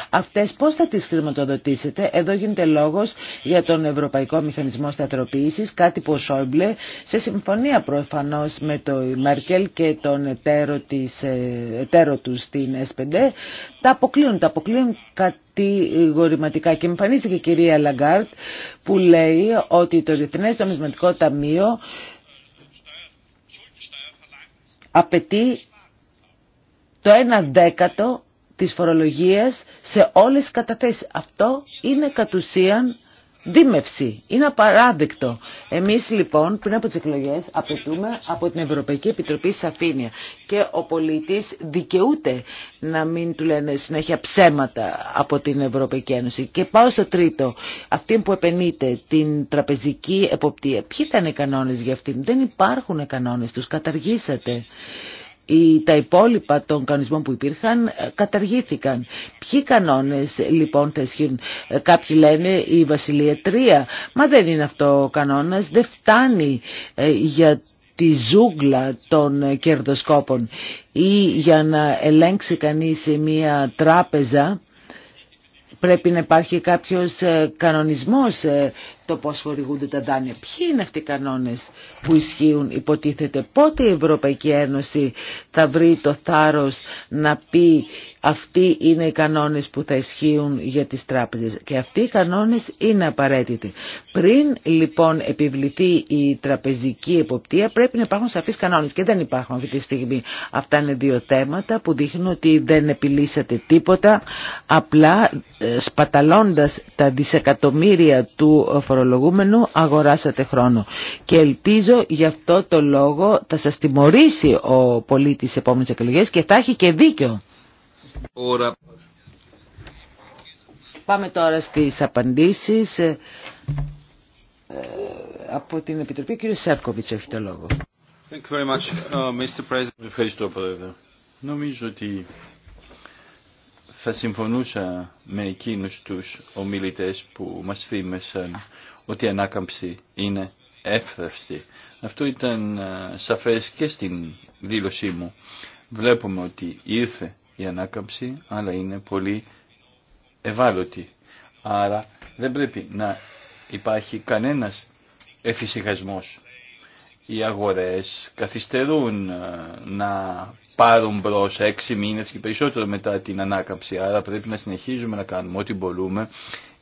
[SPEAKER 3] αυτές πώς θα τις χρηματοδοτήσετε. Εδώ γίνεται λόγος για τον Ευρωπαϊκό Μηχανισμό Σταθεροποίησης, κάτι που ο Σόιμπλε σε συμφωνία προφανώς με το Μαρκέλ και τον εταίρο της εταίρο του στην s τα αποκλείουν, τα αποκλείουν κατηγορηματικά. Και εμφανίστηκε η κυρία Λαγκάρτ που λέει ότι το Διεθνές Νομισματικό Ταμείο απαιτεί το 1 δέκατο της φορολογίας σε όλες τις καταθέσεις. Αυτό είναι κατ' ουσίαν δίμευση. Είναι απαράδεκτο. Εμείς λοιπόν πριν από τις εκλογές απαιτούμε από την Ευρωπαϊκή Επιτροπή σαφήνεια και ο πολίτης δικαιούται να μην του λένε συνέχεια ψέματα από την Ευρωπαϊκή Ένωση. Και πάω στο τρίτο, αυτή που επενείται την τραπεζική εποπτεία. Ποιοι ήταν οι κανόνες για αυτήν. Δεν υπάρχουν κανόνες, τους καταργήσατε τα υπόλοιπα των κανονισμών που υπήρχαν ε, καταργήθηκαν. Ποιοι κανόνες λοιπόν θα ισχύουν. Ε, κάποιοι λένε η Βασιλεία τρια μα δεν είναι αυτό ο κανόνας, δεν φτάνει ε, για τη ζούγκλα των κερδοσκόπων ή για να ελέγξει κανείς μια τράπεζα πρέπει να υπάρχει κάποιος κανονισμός το πώς χορηγούνται τα δάνεια. Ποιοι είναι αυτοί οι κανόνες που ισχύουν υποτίθεται. Πότε η Ευρωπαϊκή Ένωση θα βρει το θάρρος να πει αυτοί είναι οι κανόνες που θα ισχύουν για τις τράπεζες και αυτοί οι κανόνες είναι απαραίτητοι. Πριν λοιπόν επιβληθεί η τραπεζική εποπτεία πρέπει να υπάρχουν σαφείς κανόνες και δεν υπάρχουν αυτή τη στιγμή. Αυτά είναι δύο θέματα που δείχνουν ότι δεν επιλύσατε τίποτα απλά ε, σπαταλώντας τα δισεκατομμύρια του φορολογούμενου αγοράσατε χρόνο. Και ελπίζω γι' αυτό το λόγο θα σας τιμωρήσει ο πολίτης στις επόμενες εκλογές και θα έχει και δίκιο. Ωρα. Πάμε τώρα στις απαντήσεις ε, από την Επιτροπή. Ο Σεύκοβιτς έχει το λόγο.
[SPEAKER 1] much, uh, Mr. Ευχαριστώ, Πρόεδρε. Νομίζω ότι θα συμφωνούσα με εκείνους τους ομιλητές που μας θύμεσαν ότι η ανάκαμψη είναι εύθευστη. Αυτό ήταν ε, σαφές και στην δήλωσή μου. Βλέπουμε ότι ήρθε η ανάκαμψη, αλλά είναι πολύ ευάλωτη. Άρα δεν πρέπει να υπάρχει κανένας εφησυχασμός. Οι αγορές καθυστερούν ε, να πάρουν μπρος έξι μήνες και περισσότερο μετά την ανάκαμψη. Άρα πρέπει να συνεχίζουμε να κάνουμε ό,τι μπορούμε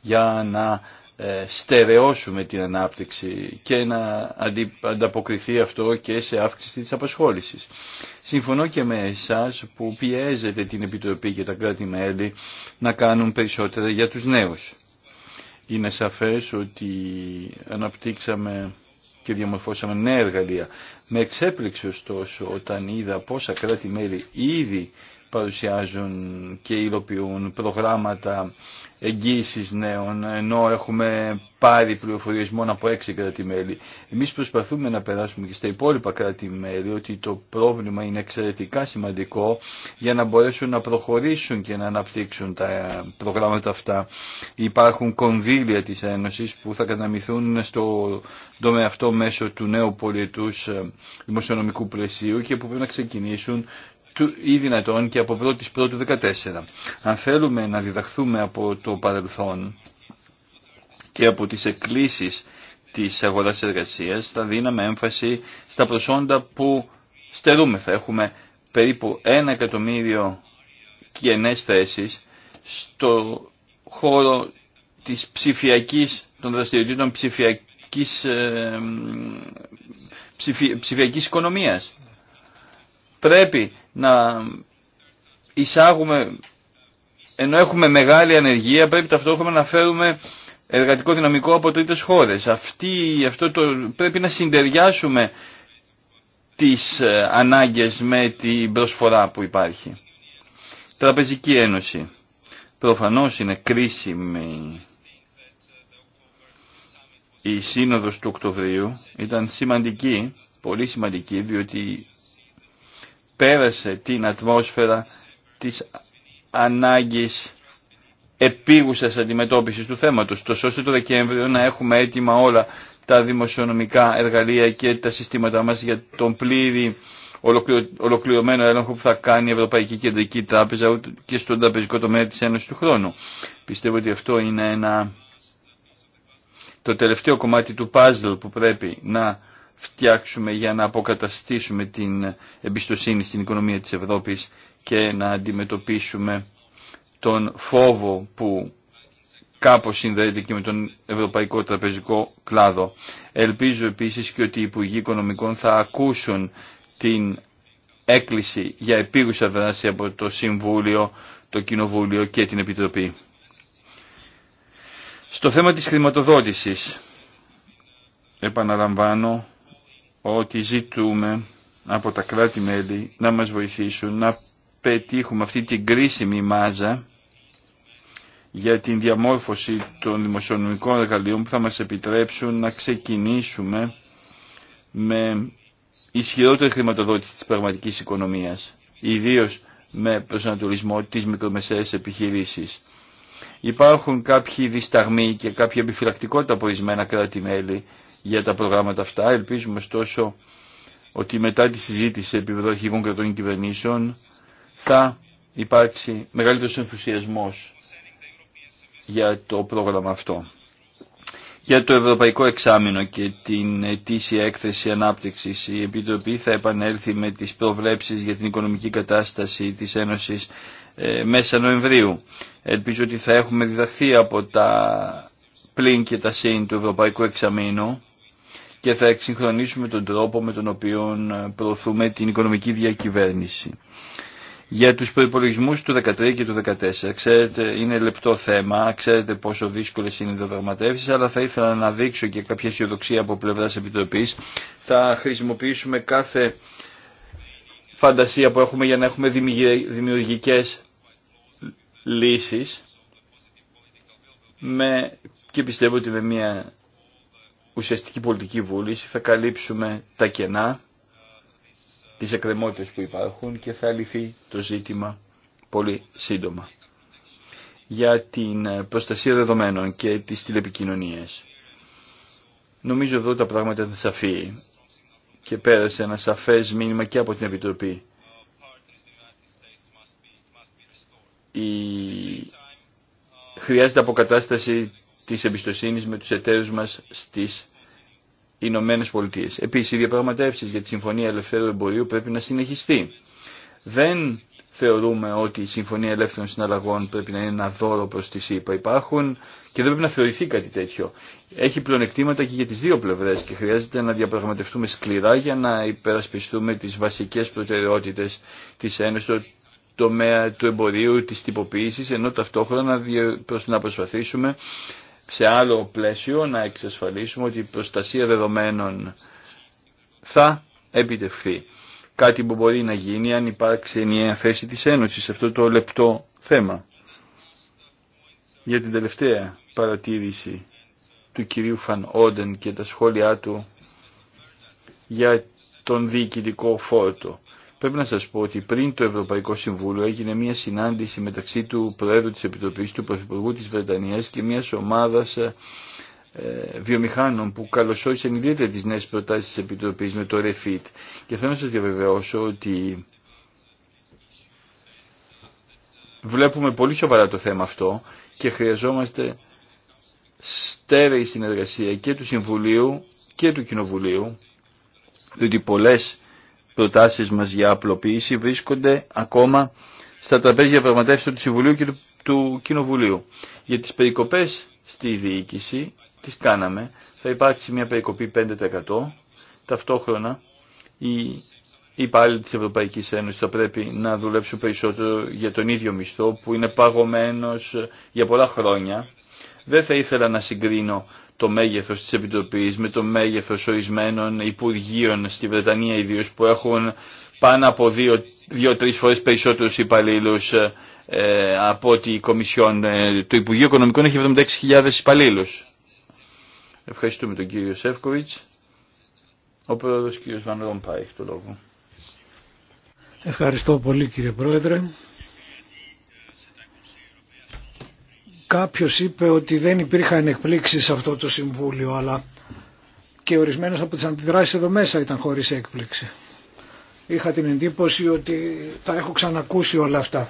[SPEAKER 1] για να ε, στερεώσουμε την ανάπτυξη και να ανταποκριθεί αυτό και σε αύξηση της απασχόλησης. Συμφωνώ και με εσάς που πιέζετε την Επιτροπή και τα κράτη-μέλη να κάνουν περισσότερα για τους νέους. Είναι σαφές ότι αναπτύξαμε και διαμορφώσαμε νέα εργαλεία. Με εξέπληξε ωστόσο όταν είδα πόσα κράτη-μέλη ήδη παρουσιάζουν και υλοποιούν προγράμματα εγγύησης νέων, ενώ έχουμε πάρει πληροφορίες μόνο από έξι κράτη-μέλη. Εμείς προσπαθούμε να περάσουμε και στα υπόλοιπα κράτη-μέλη ότι το πρόβλημα είναι εξαιρετικά σημαντικό για να μπορέσουν να προχωρήσουν και να αναπτύξουν τα προγράμματα αυτά. Υπάρχουν κονδύλια της Ένωσης που θα καταμηθούν στο τομέα αυτό μέσω του νέου πολιετούς δημοσιονομικού πλαισίου και που πρέπει να ξεκινήσουν ή δυνατόν και από πρώτου 14. Αν θέλουμε να διδαχθούμε από το παρελθόν και από τις εκκλήσεις της αγοράς εργασίας θα δίναμε έμφαση στα προσόντα που στερούμε. Θα έχουμε περίπου ένα εκατομμύριο κενές θέσεις στο χώρο της ψηφιακής, των δραστηριοτήτων ψηφιακής, ε, ψηφι, ψηφιακής οικονομίας πρέπει να εισάγουμε, ενώ έχουμε μεγάλη ανεργία, πρέπει ταυτόχρονα να φέρουμε εργατικό δυναμικό από τρίτες χώρες. Αυτή, αυτό το, πρέπει να συντεριάσουμε τις ε, ανάγκες με την προσφορά που υπάρχει. Τραπεζική Ένωση. Προφανώς είναι κρίσιμη η σύνοδος του Οκτωβρίου. Ήταν σημαντική, πολύ σημαντική, διότι πέρασε την ατμόσφαιρα της ανάγκης επίγουσας αντιμετώπισης του θέματος, τόσο ώστε το Δεκέμβριο να έχουμε έτοιμα όλα τα δημοσιονομικά εργαλεία και τα συστήματα μας για τον πλήρη ολοκληρωμένο έλεγχο που θα κάνει η Ευρωπαϊκή Κεντρική Τράπεζα και στον τραπεζικό τομέα της Ένωσης του χρόνου. Πιστεύω ότι αυτό είναι ένα... το τελευταίο κομμάτι του παζλ που πρέπει να φτιάξουμε για να αποκαταστήσουμε την εμπιστοσύνη στην οικονομία της Ευρώπης και να αντιμετωπίσουμε τον φόβο που κάπως συνδέεται και με τον ευρωπαϊκό τραπεζικό κλάδο. Ελπίζω επίσης και ότι οι Υπουργοί Οικονομικών θα ακούσουν την έκκληση για επίγουσα δράση από το Συμβούλιο, το Κοινοβούλιο και την Επιτροπή. Στο θέμα της χρηματοδότησης, επαναλαμβάνω ότι ζητούμε από τα κράτη-μέλη να μας βοηθήσουν να πετύχουμε αυτή την κρίσιμη μάζα για την διαμόρφωση των δημοσιονομικών εργαλείων που θα μας επιτρέψουν να ξεκινήσουμε με ισχυρότερη χρηματοδότηση της πραγματικής οικονομίας, ιδίως με προσανατολισμό της μικρομεσαίας επιχειρήσης. Υπάρχουν κάποιοι δισταγμοί και κάποια επιφυλακτικότητα από ορισμένα κράτη-μέλη για τα προγράμματα αυτά. Ελπίζουμε ωστόσο ότι μετά τη συζήτηση σε επίπεδο αρχηγών κρατών κυβερνήσεων θα υπάρξει μεγαλύτερος ενθουσιασμός για το πρόγραμμα αυτό. Για το Ευρωπαϊκό Εξάμεινο και την ετήσια έκθεση ανάπτυξης, η Επιτροπή θα επανέλθει με τις προβλέψεις για την οικονομική κατάσταση της Ένωσης ε, μέσα Νοεμβρίου. Ελπίζω ότι θα έχουμε διδαχθεί από τα πλήν και τα σύν του Ευρωπαϊκού Εξαμήνου και θα εξυγχρονίσουμε τον τρόπο με τον οποίο ε, προωθούμε την οικονομική διακυβέρνηση. Για τους προϋπολογισμούς του 2013 και του 2014, ξέρετε, είναι λεπτό θέμα, ξέρετε πόσο δύσκολες είναι οι διαπραγματεύσεις, αλλά θα ήθελα να δείξω και κάποια αισιοδοξία από πλευράς Επιτροπής. Θα χρησιμοποιήσουμε κάθε φαντασία που έχουμε για να έχουμε δημιουργικές λύσεις με, και πιστεύω ότι με μια ουσιαστική πολιτική βούληση, θα καλύψουμε τα κενά, τις εκκρεμότητες που υπάρχουν και θα λυθεί το ζήτημα πολύ σύντομα. Για την προστασία δεδομένων και τις τηλεπικοινωνίες. Νομίζω εδώ τα πράγματα θα σαφή και πέρασε ένα σαφές μήνυμα και από την Επιτροπή. Η... Χρειάζεται αποκατάσταση της εμπιστοσύνης με τους εταίρους μας στις Ηνωμένε Πολιτείε. Επίσης, οι διαπραγματεύσεις για τη Συμφωνία Ελευθέρου Εμπορίου πρέπει να συνεχιστεί. Δεν θεωρούμε ότι η Συμφωνία Ελεύθερων Συναλλαγών πρέπει να είναι ένα δώρο προς τη ΣΥΠΑ. Υπάρχουν και δεν πρέπει να θεωρηθεί κάτι τέτοιο. Έχει πλονεκτήματα και για τις δύο πλευρές και χρειάζεται να διαπραγματευτούμε σκληρά για να υπερασπιστούμε τις βασικές προτεραιότητες της Ένωσης τομέα του εμπορίου, της τυποποίηση, ενώ ταυτόχρονα να προσπαθήσουμε σε άλλο πλαίσιο να εξασφαλίσουμε ότι η προστασία δεδομένων θα επιτευχθεί. Κάτι που μπορεί να γίνει αν υπάρξει ενιαία θέση της Ένωσης σε αυτό το λεπτό θέμα. Για την τελευταία παρατήρηση του κυρίου Φαν Όντεν και τα σχόλιά του για τον διοικητικό φόρτο. Πρέπει να σας πω ότι πριν το Ευρωπαϊκό Συμβούλιο έγινε μια συνάντηση μεταξύ του Προέδρου της Επιτροπής, του Πρωθυπουργού της Βρετανίας και μιας ομάδας ε, βιομηχάνων που καλωσόρισαν ιδιαίτερα τις νέες προτάσεις της Επιτροπής με το REFIT. Και θέλω να σας διαβεβαιώσω ότι βλέπουμε πολύ σοβαρά το θέμα αυτό και χρειαζόμαστε στέρεη συνεργασία και του Συμβουλίου και του Κοινοβουλίου διότι πολλές προτάσεις μας για απλοποίηση βρίσκονται ακόμα στα τραπέζια πραγματεύσεων του Συμβουλίου και του, του Κοινοβουλίου. Για τις περικοπές στη διοίκηση τις κάναμε. Θα υπάρξει μια περικοπή 5%. Ταυτόχρονα οι υπάλληλοι της Ευρωπαϊκής Ένωσης θα πρέπει να δουλέψουν περισσότερο για τον ίδιο μισθό που είναι παγωμένος για πολλά χρόνια. Δεν θα ήθελα να συγκρίνω το μέγεθος της Επιτροπής με το μέγεθος ορισμένων Υπουργείων στη Βρετανία ιδίω που έχουν πάνω από δύο-τρεις δύο, φορές περισσότερους υπαλλήλους ε, από ότι η Κομισιόν. Ε, το Οικονομικών έχει 76.000 υπαλλήλους. Ευχαριστούμε τον κύριο Σεύκοβιτς. Ο πρόεδρος κύριος Βαν Ρομπάιχ, έχει το λόγο.
[SPEAKER 2] Ευχαριστώ πολύ κύριε Πρόεδρε. Κάποιος είπε ότι δεν υπήρχαν εκπλήξεις σε αυτό το Συμβούλιο, αλλά και ορισμένες από τις αντιδράσεις εδώ μέσα ήταν χωρίς έκπληξη. Είχα την εντύπωση ότι τα έχω ξανακούσει όλα αυτά.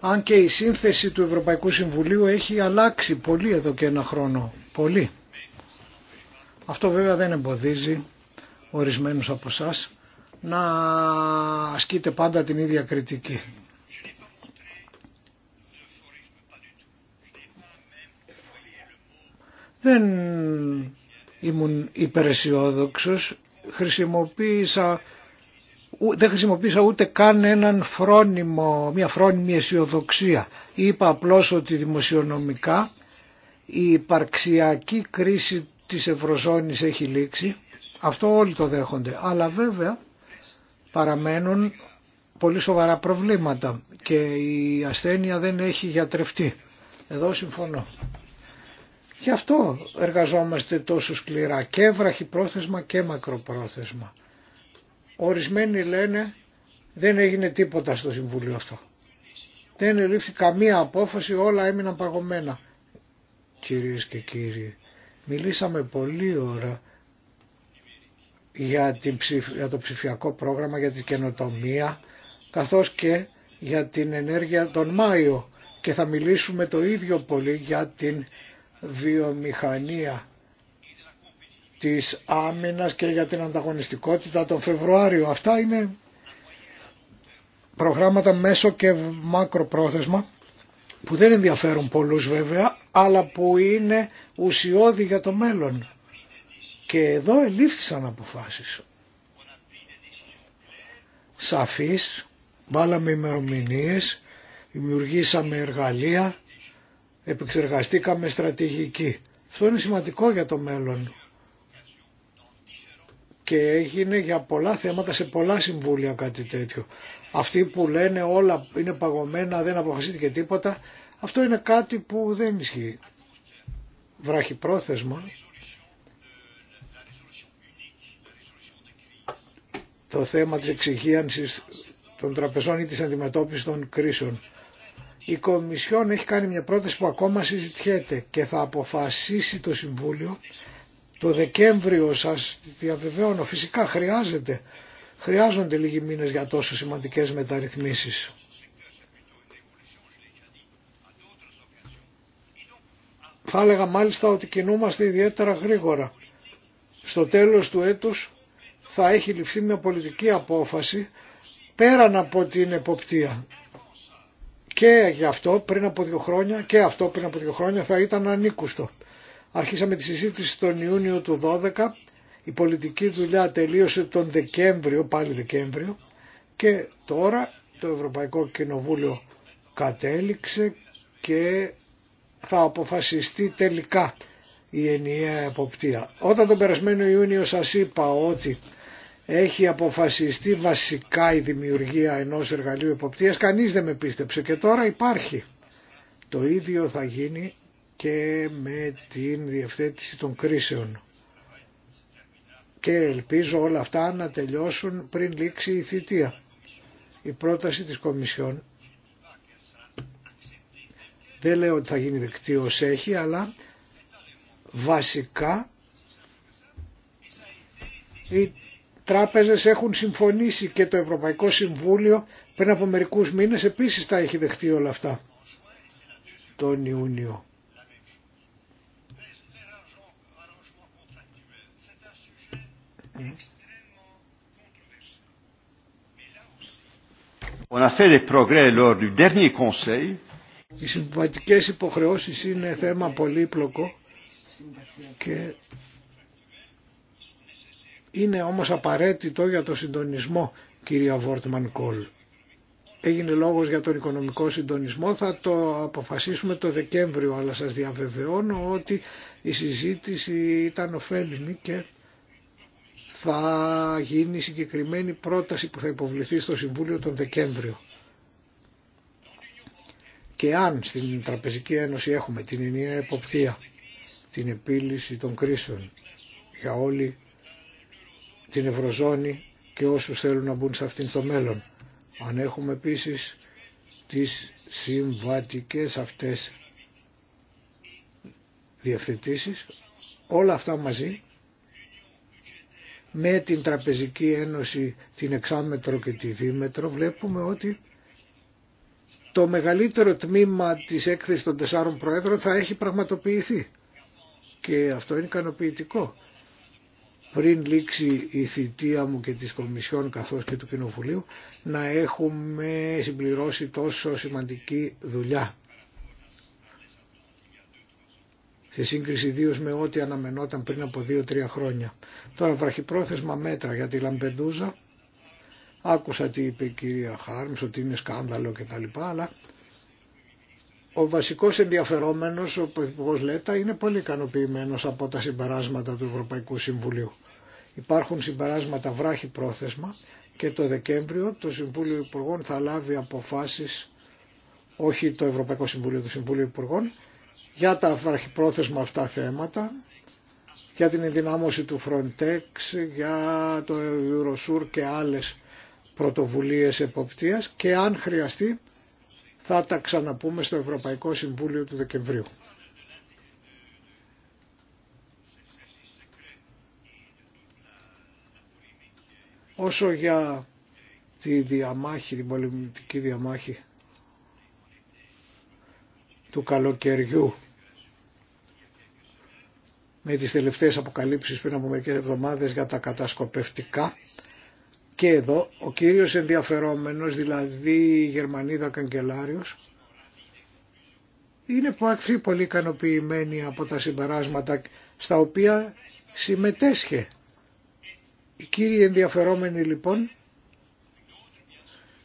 [SPEAKER 2] Αν και η σύνθεση του Ευρωπαϊκού Συμβουλίου έχει αλλάξει πολύ εδώ και ένα χρόνο. Πολύ. Αυτό βέβαια δεν εμποδίζει ορισμένους από εσά να ασκείτε πάντα την ίδια κριτική. Δεν ήμουν υπεραισιόδοξος, χρησιμοποίησα, δεν χρησιμοποίησα ούτε καν έναν φρόνιμο, μια φρόνιμη αισιοδοξία. Είπα απλώς ότι δημοσιονομικά η υπαρξιακή κρίση της Ευρωζώνης έχει λήξει. Αυτό όλοι το δέχονται. Αλλά βέβαια παραμένουν πολύ σοβαρά προβλήματα και η ασθένεια δεν έχει γιατρευτεί. Εδώ συμφωνώ. Γι' αυτό εργαζόμαστε τόσο σκληρά και βραχυπρόθεσμα και μακροπρόθεσμα. Ορισμένοι λένε δεν έγινε τίποτα στο Συμβούλιο αυτό. Δεν ελήφθη καμία απόφαση, όλα έμειναν παγωμένα. Κυρίες και κύριοι, μιλήσαμε πολύ ώρα για, το ψηφιακό πρόγραμμα, για την καινοτομία, καθώς και για την ενέργεια τον Μάιο και θα μιλήσουμε το ίδιο πολύ για την βιομηχανία της άμυνας και για την ανταγωνιστικότητα τον Φεβρουάριο. Αυτά είναι προγράμματα μέσω και πρόθεσμα που δεν ενδιαφέρουν πολλούς βέβαια αλλά που είναι ουσιώδη για το μέλλον. Και εδώ ελήφθησαν αποφάσεις. Σαφείς, βάλαμε ημερομηνίε, δημιουργήσαμε εργαλεία επεξεργαστήκαμε στρατηγική. Αυτό είναι σημαντικό για το μέλλον και έγινε για πολλά θέματα σε πολλά συμβούλια κάτι τέτοιο. Αυτοί που λένε όλα είναι παγωμένα, δεν αποφασίστηκε τίποτα, αυτό είναι κάτι που δεν ισχύει. Βράχει πρόθεσμα. Το θέμα της εξυγίανσης των τραπεζών ή της αντιμετώπισης των κρίσεων. Η Κομισιόν έχει κάνει μια πρόταση που ακόμα συζητιέται και θα αποφασίσει το Συμβούλιο το Δεκέμβριο σας διαβεβαιώνω φυσικά χρειάζεται χρειάζονται λίγοι μήνες για τόσο σημαντικές μεταρρυθμίσεις. Θα έλεγα μάλιστα ότι κινούμαστε ιδιαίτερα γρήγορα. Στο τέλος του έτους θα έχει ληφθεί μια πολιτική απόφαση πέραν από την εποπτεία και γι' αυτό πριν από δύο χρόνια, και αυτό πριν από δύο χρόνια θα ήταν ανήκουστο. Αρχίσαμε τη συζήτηση τον Ιούνιο του 12, η πολιτική δουλειά τελείωσε τον Δεκέμβριο, πάλι Δεκέμβριο, και τώρα το Ευρωπαϊκό Κοινοβούλιο κατέληξε και θα αποφασιστεί τελικά η ενιαία εποπτεία. Όταν τον περασμένο Ιούνιο σας είπα ότι έχει αποφασιστεί βασικά η δημιουργία ενός εργαλείου εποπτείας. Κανείς δεν με πίστεψε και τώρα υπάρχει. Το ίδιο θα γίνει και με την διευθέτηση των κρίσεων. Και ελπίζω όλα αυτά να τελειώσουν πριν λήξει η θητεία. Η πρόταση της Κομισιόν δεν λέω ότι θα γίνει δεκτή ως έχει, αλλά βασικά τράπεζες έχουν συμφωνήσει και το Ευρωπαϊκό Συμβούλιο πριν από μερικούς μήνες επίσης τα έχει δεχτεί όλα αυτά τον Ιούνιο. Οι συμβατικές υποχρεώσεις είναι θέμα πολύπλοκο και είναι όμως απαραίτητο για το συντονισμό, κυρία Βόρτμαν Κόλ. Έγινε λόγος για τον οικονομικό συντονισμό, θα το αποφασίσουμε το Δεκέμβριο, αλλά σας διαβεβαιώνω ότι η συζήτηση ήταν ωφέλιμη και θα γίνει συγκεκριμένη πρόταση που θα υποβληθεί στο Συμβούλιο τον Δεκέμβριο. Και αν στην Τραπεζική Ένωση έχουμε την ενιαία εποπτεία, την επίλυση των κρίσεων για όλη την Ευρωζώνη και όσους θέλουν να μπουν σε αυτήν το μέλλον. Αν έχουμε επίσης τις συμβατικές αυτές διευθετήσεις, όλα αυτά μαζί με την Τραπεζική Ένωση, την Εξάμετρο και τη Δίμετρο βλέπουμε ότι το μεγαλύτερο τμήμα της έκθεσης των τεσσάρων προέδρων θα έχει πραγματοποιηθεί. Και αυτό είναι ικανοποιητικό πριν λήξει η θητεία μου και της Κομισιόν καθώς και του Κοινοβουλίου να έχουμε συμπληρώσει τόσο σημαντική δουλειά. Σε σύγκριση ιδίω με ό,τι αναμενόταν πριν από 2-3 χρόνια. Τώρα βραχυπρόθεσμα μέτρα για τη Λαμπεντούζα. Άκουσα τι είπε η κυρία Χάρμς ότι είναι σκάνδαλο κτλ. Αλλά ο βασικός ενδιαφερόμενος, ο Υπουργός Λέτα, είναι πολύ ικανοποιημένο από τα συμπεράσματα του Ευρωπαϊκού Συμβουλίου. Υπάρχουν συμπεράσματα βράχη πρόθεσμα και το Δεκέμβριο το Συμβούλιο Υπουργών θα λάβει αποφάσεις, όχι το Ευρωπαϊκό Συμβούλιο, το Συμβούλιο Υπουργών, για τα πρόθεσμα αυτά θέματα, για την ενδυνάμωση του Frontex, για το Eurosur και άλλες πρωτοβουλίες εποπτείας και αν χρειαστεί θα τα ξαναπούμε στο Ευρωπαϊκό Συμβούλιο του Δεκεμβρίου. Όσο για τη διαμάχη, την πολεμική διαμάχη του καλοκαιριού με τις τελευταίες αποκαλύψεις πριν από μερικές εβδομάδες για τα κατασκοπευτικά και εδώ ο κύριος ενδιαφερόμενος, δηλαδή η Γερμανίδα Καγκελάριος, είναι πολύ, πολύ ικανοποιημένη από τα συμπεράσματα στα οποία συμμετέσχε. Οι κύριοι ενδιαφερόμενοι λοιπόν,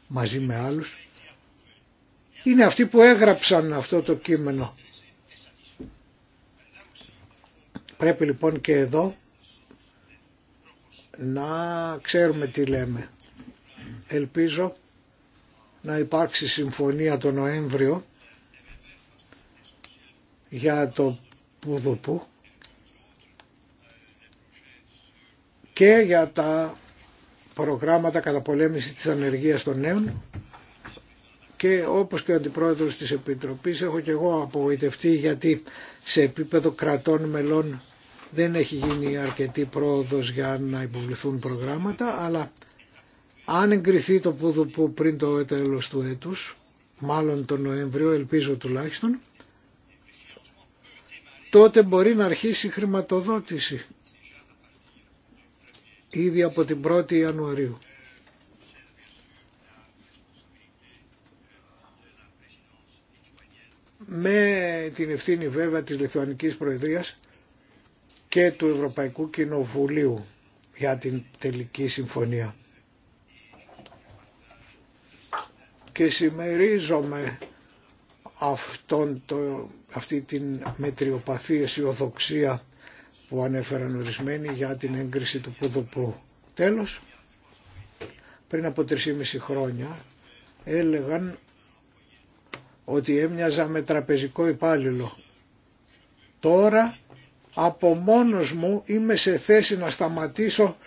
[SPEAKER 2] μαζί με άλλους, είναι αυτοί που έγραψαν αυτό το κείμενο. Πρέπει λοιπόν και εδώ να ξέρουμε τι λέμε. Ελπίζω να υπάρξει συμφωνία το Νοέμβριο για το Πουδουπού και για τα προγράμματα καταπολέμησης της ανεργίας των νέων και όπως και ο Αντιπρόεδρος της Επιτροπής έχω και εγώ απογοητευτεί γιατί σε επίπεδο κρατών μελών δεν έχει γίνει αρκετή πρόοδος για να υποβληθούν προγράμματα, αλλά αν εγκριθεί το που πριν το τέλος του έτους, μάλλον τον Νοέμβριο, ελπίζω τουλάχιστον, τότε μπορεί να αρχίσει η χρηματοδότηση ήδη από την 1η Ιανουαρίου. Με την ευθύνη βέβαια της Λιθουανικής Προεδρίας και του Ευρωπαϊκού Κοινοβουλίου για την τελική συμφωνία. Και συμμερίζομαι αυτόν το, αυτή την μετριοπαθή αισιοδοξία που ανέφεραν ορισμένοι για την έγκριση του Πουδοπού. Τέλος, πριν από 3,5 χρόνια έλεγαν ότι έμοιαζα με τραπεζικό υπάλληλο. Τώρα από μόνος μου είμαι σε θέση να σταματήσω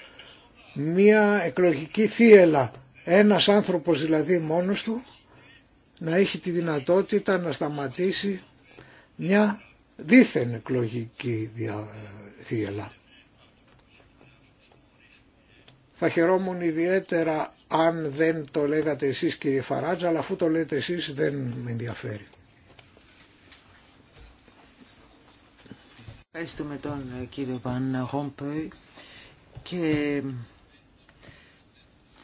[SPEAKER 2] μία εκλογική θύελα. Ένας άνθρωπος δηλαδή μόνος του να έχει τη δυνατότητα να σταματήσει μια δίθεν εκλογική θύελα. Θα χαιρόμουν ιδιαίτερα αν δεν το λέγατε εσείς κύριε Φαράτζα, αλλά αφού το λέτε εσείς δεν με ενδιαφέρει.
[SPEAKER 3] Ευχαριστούμε τον ε, κύριο Βαν Χόμπεϊ και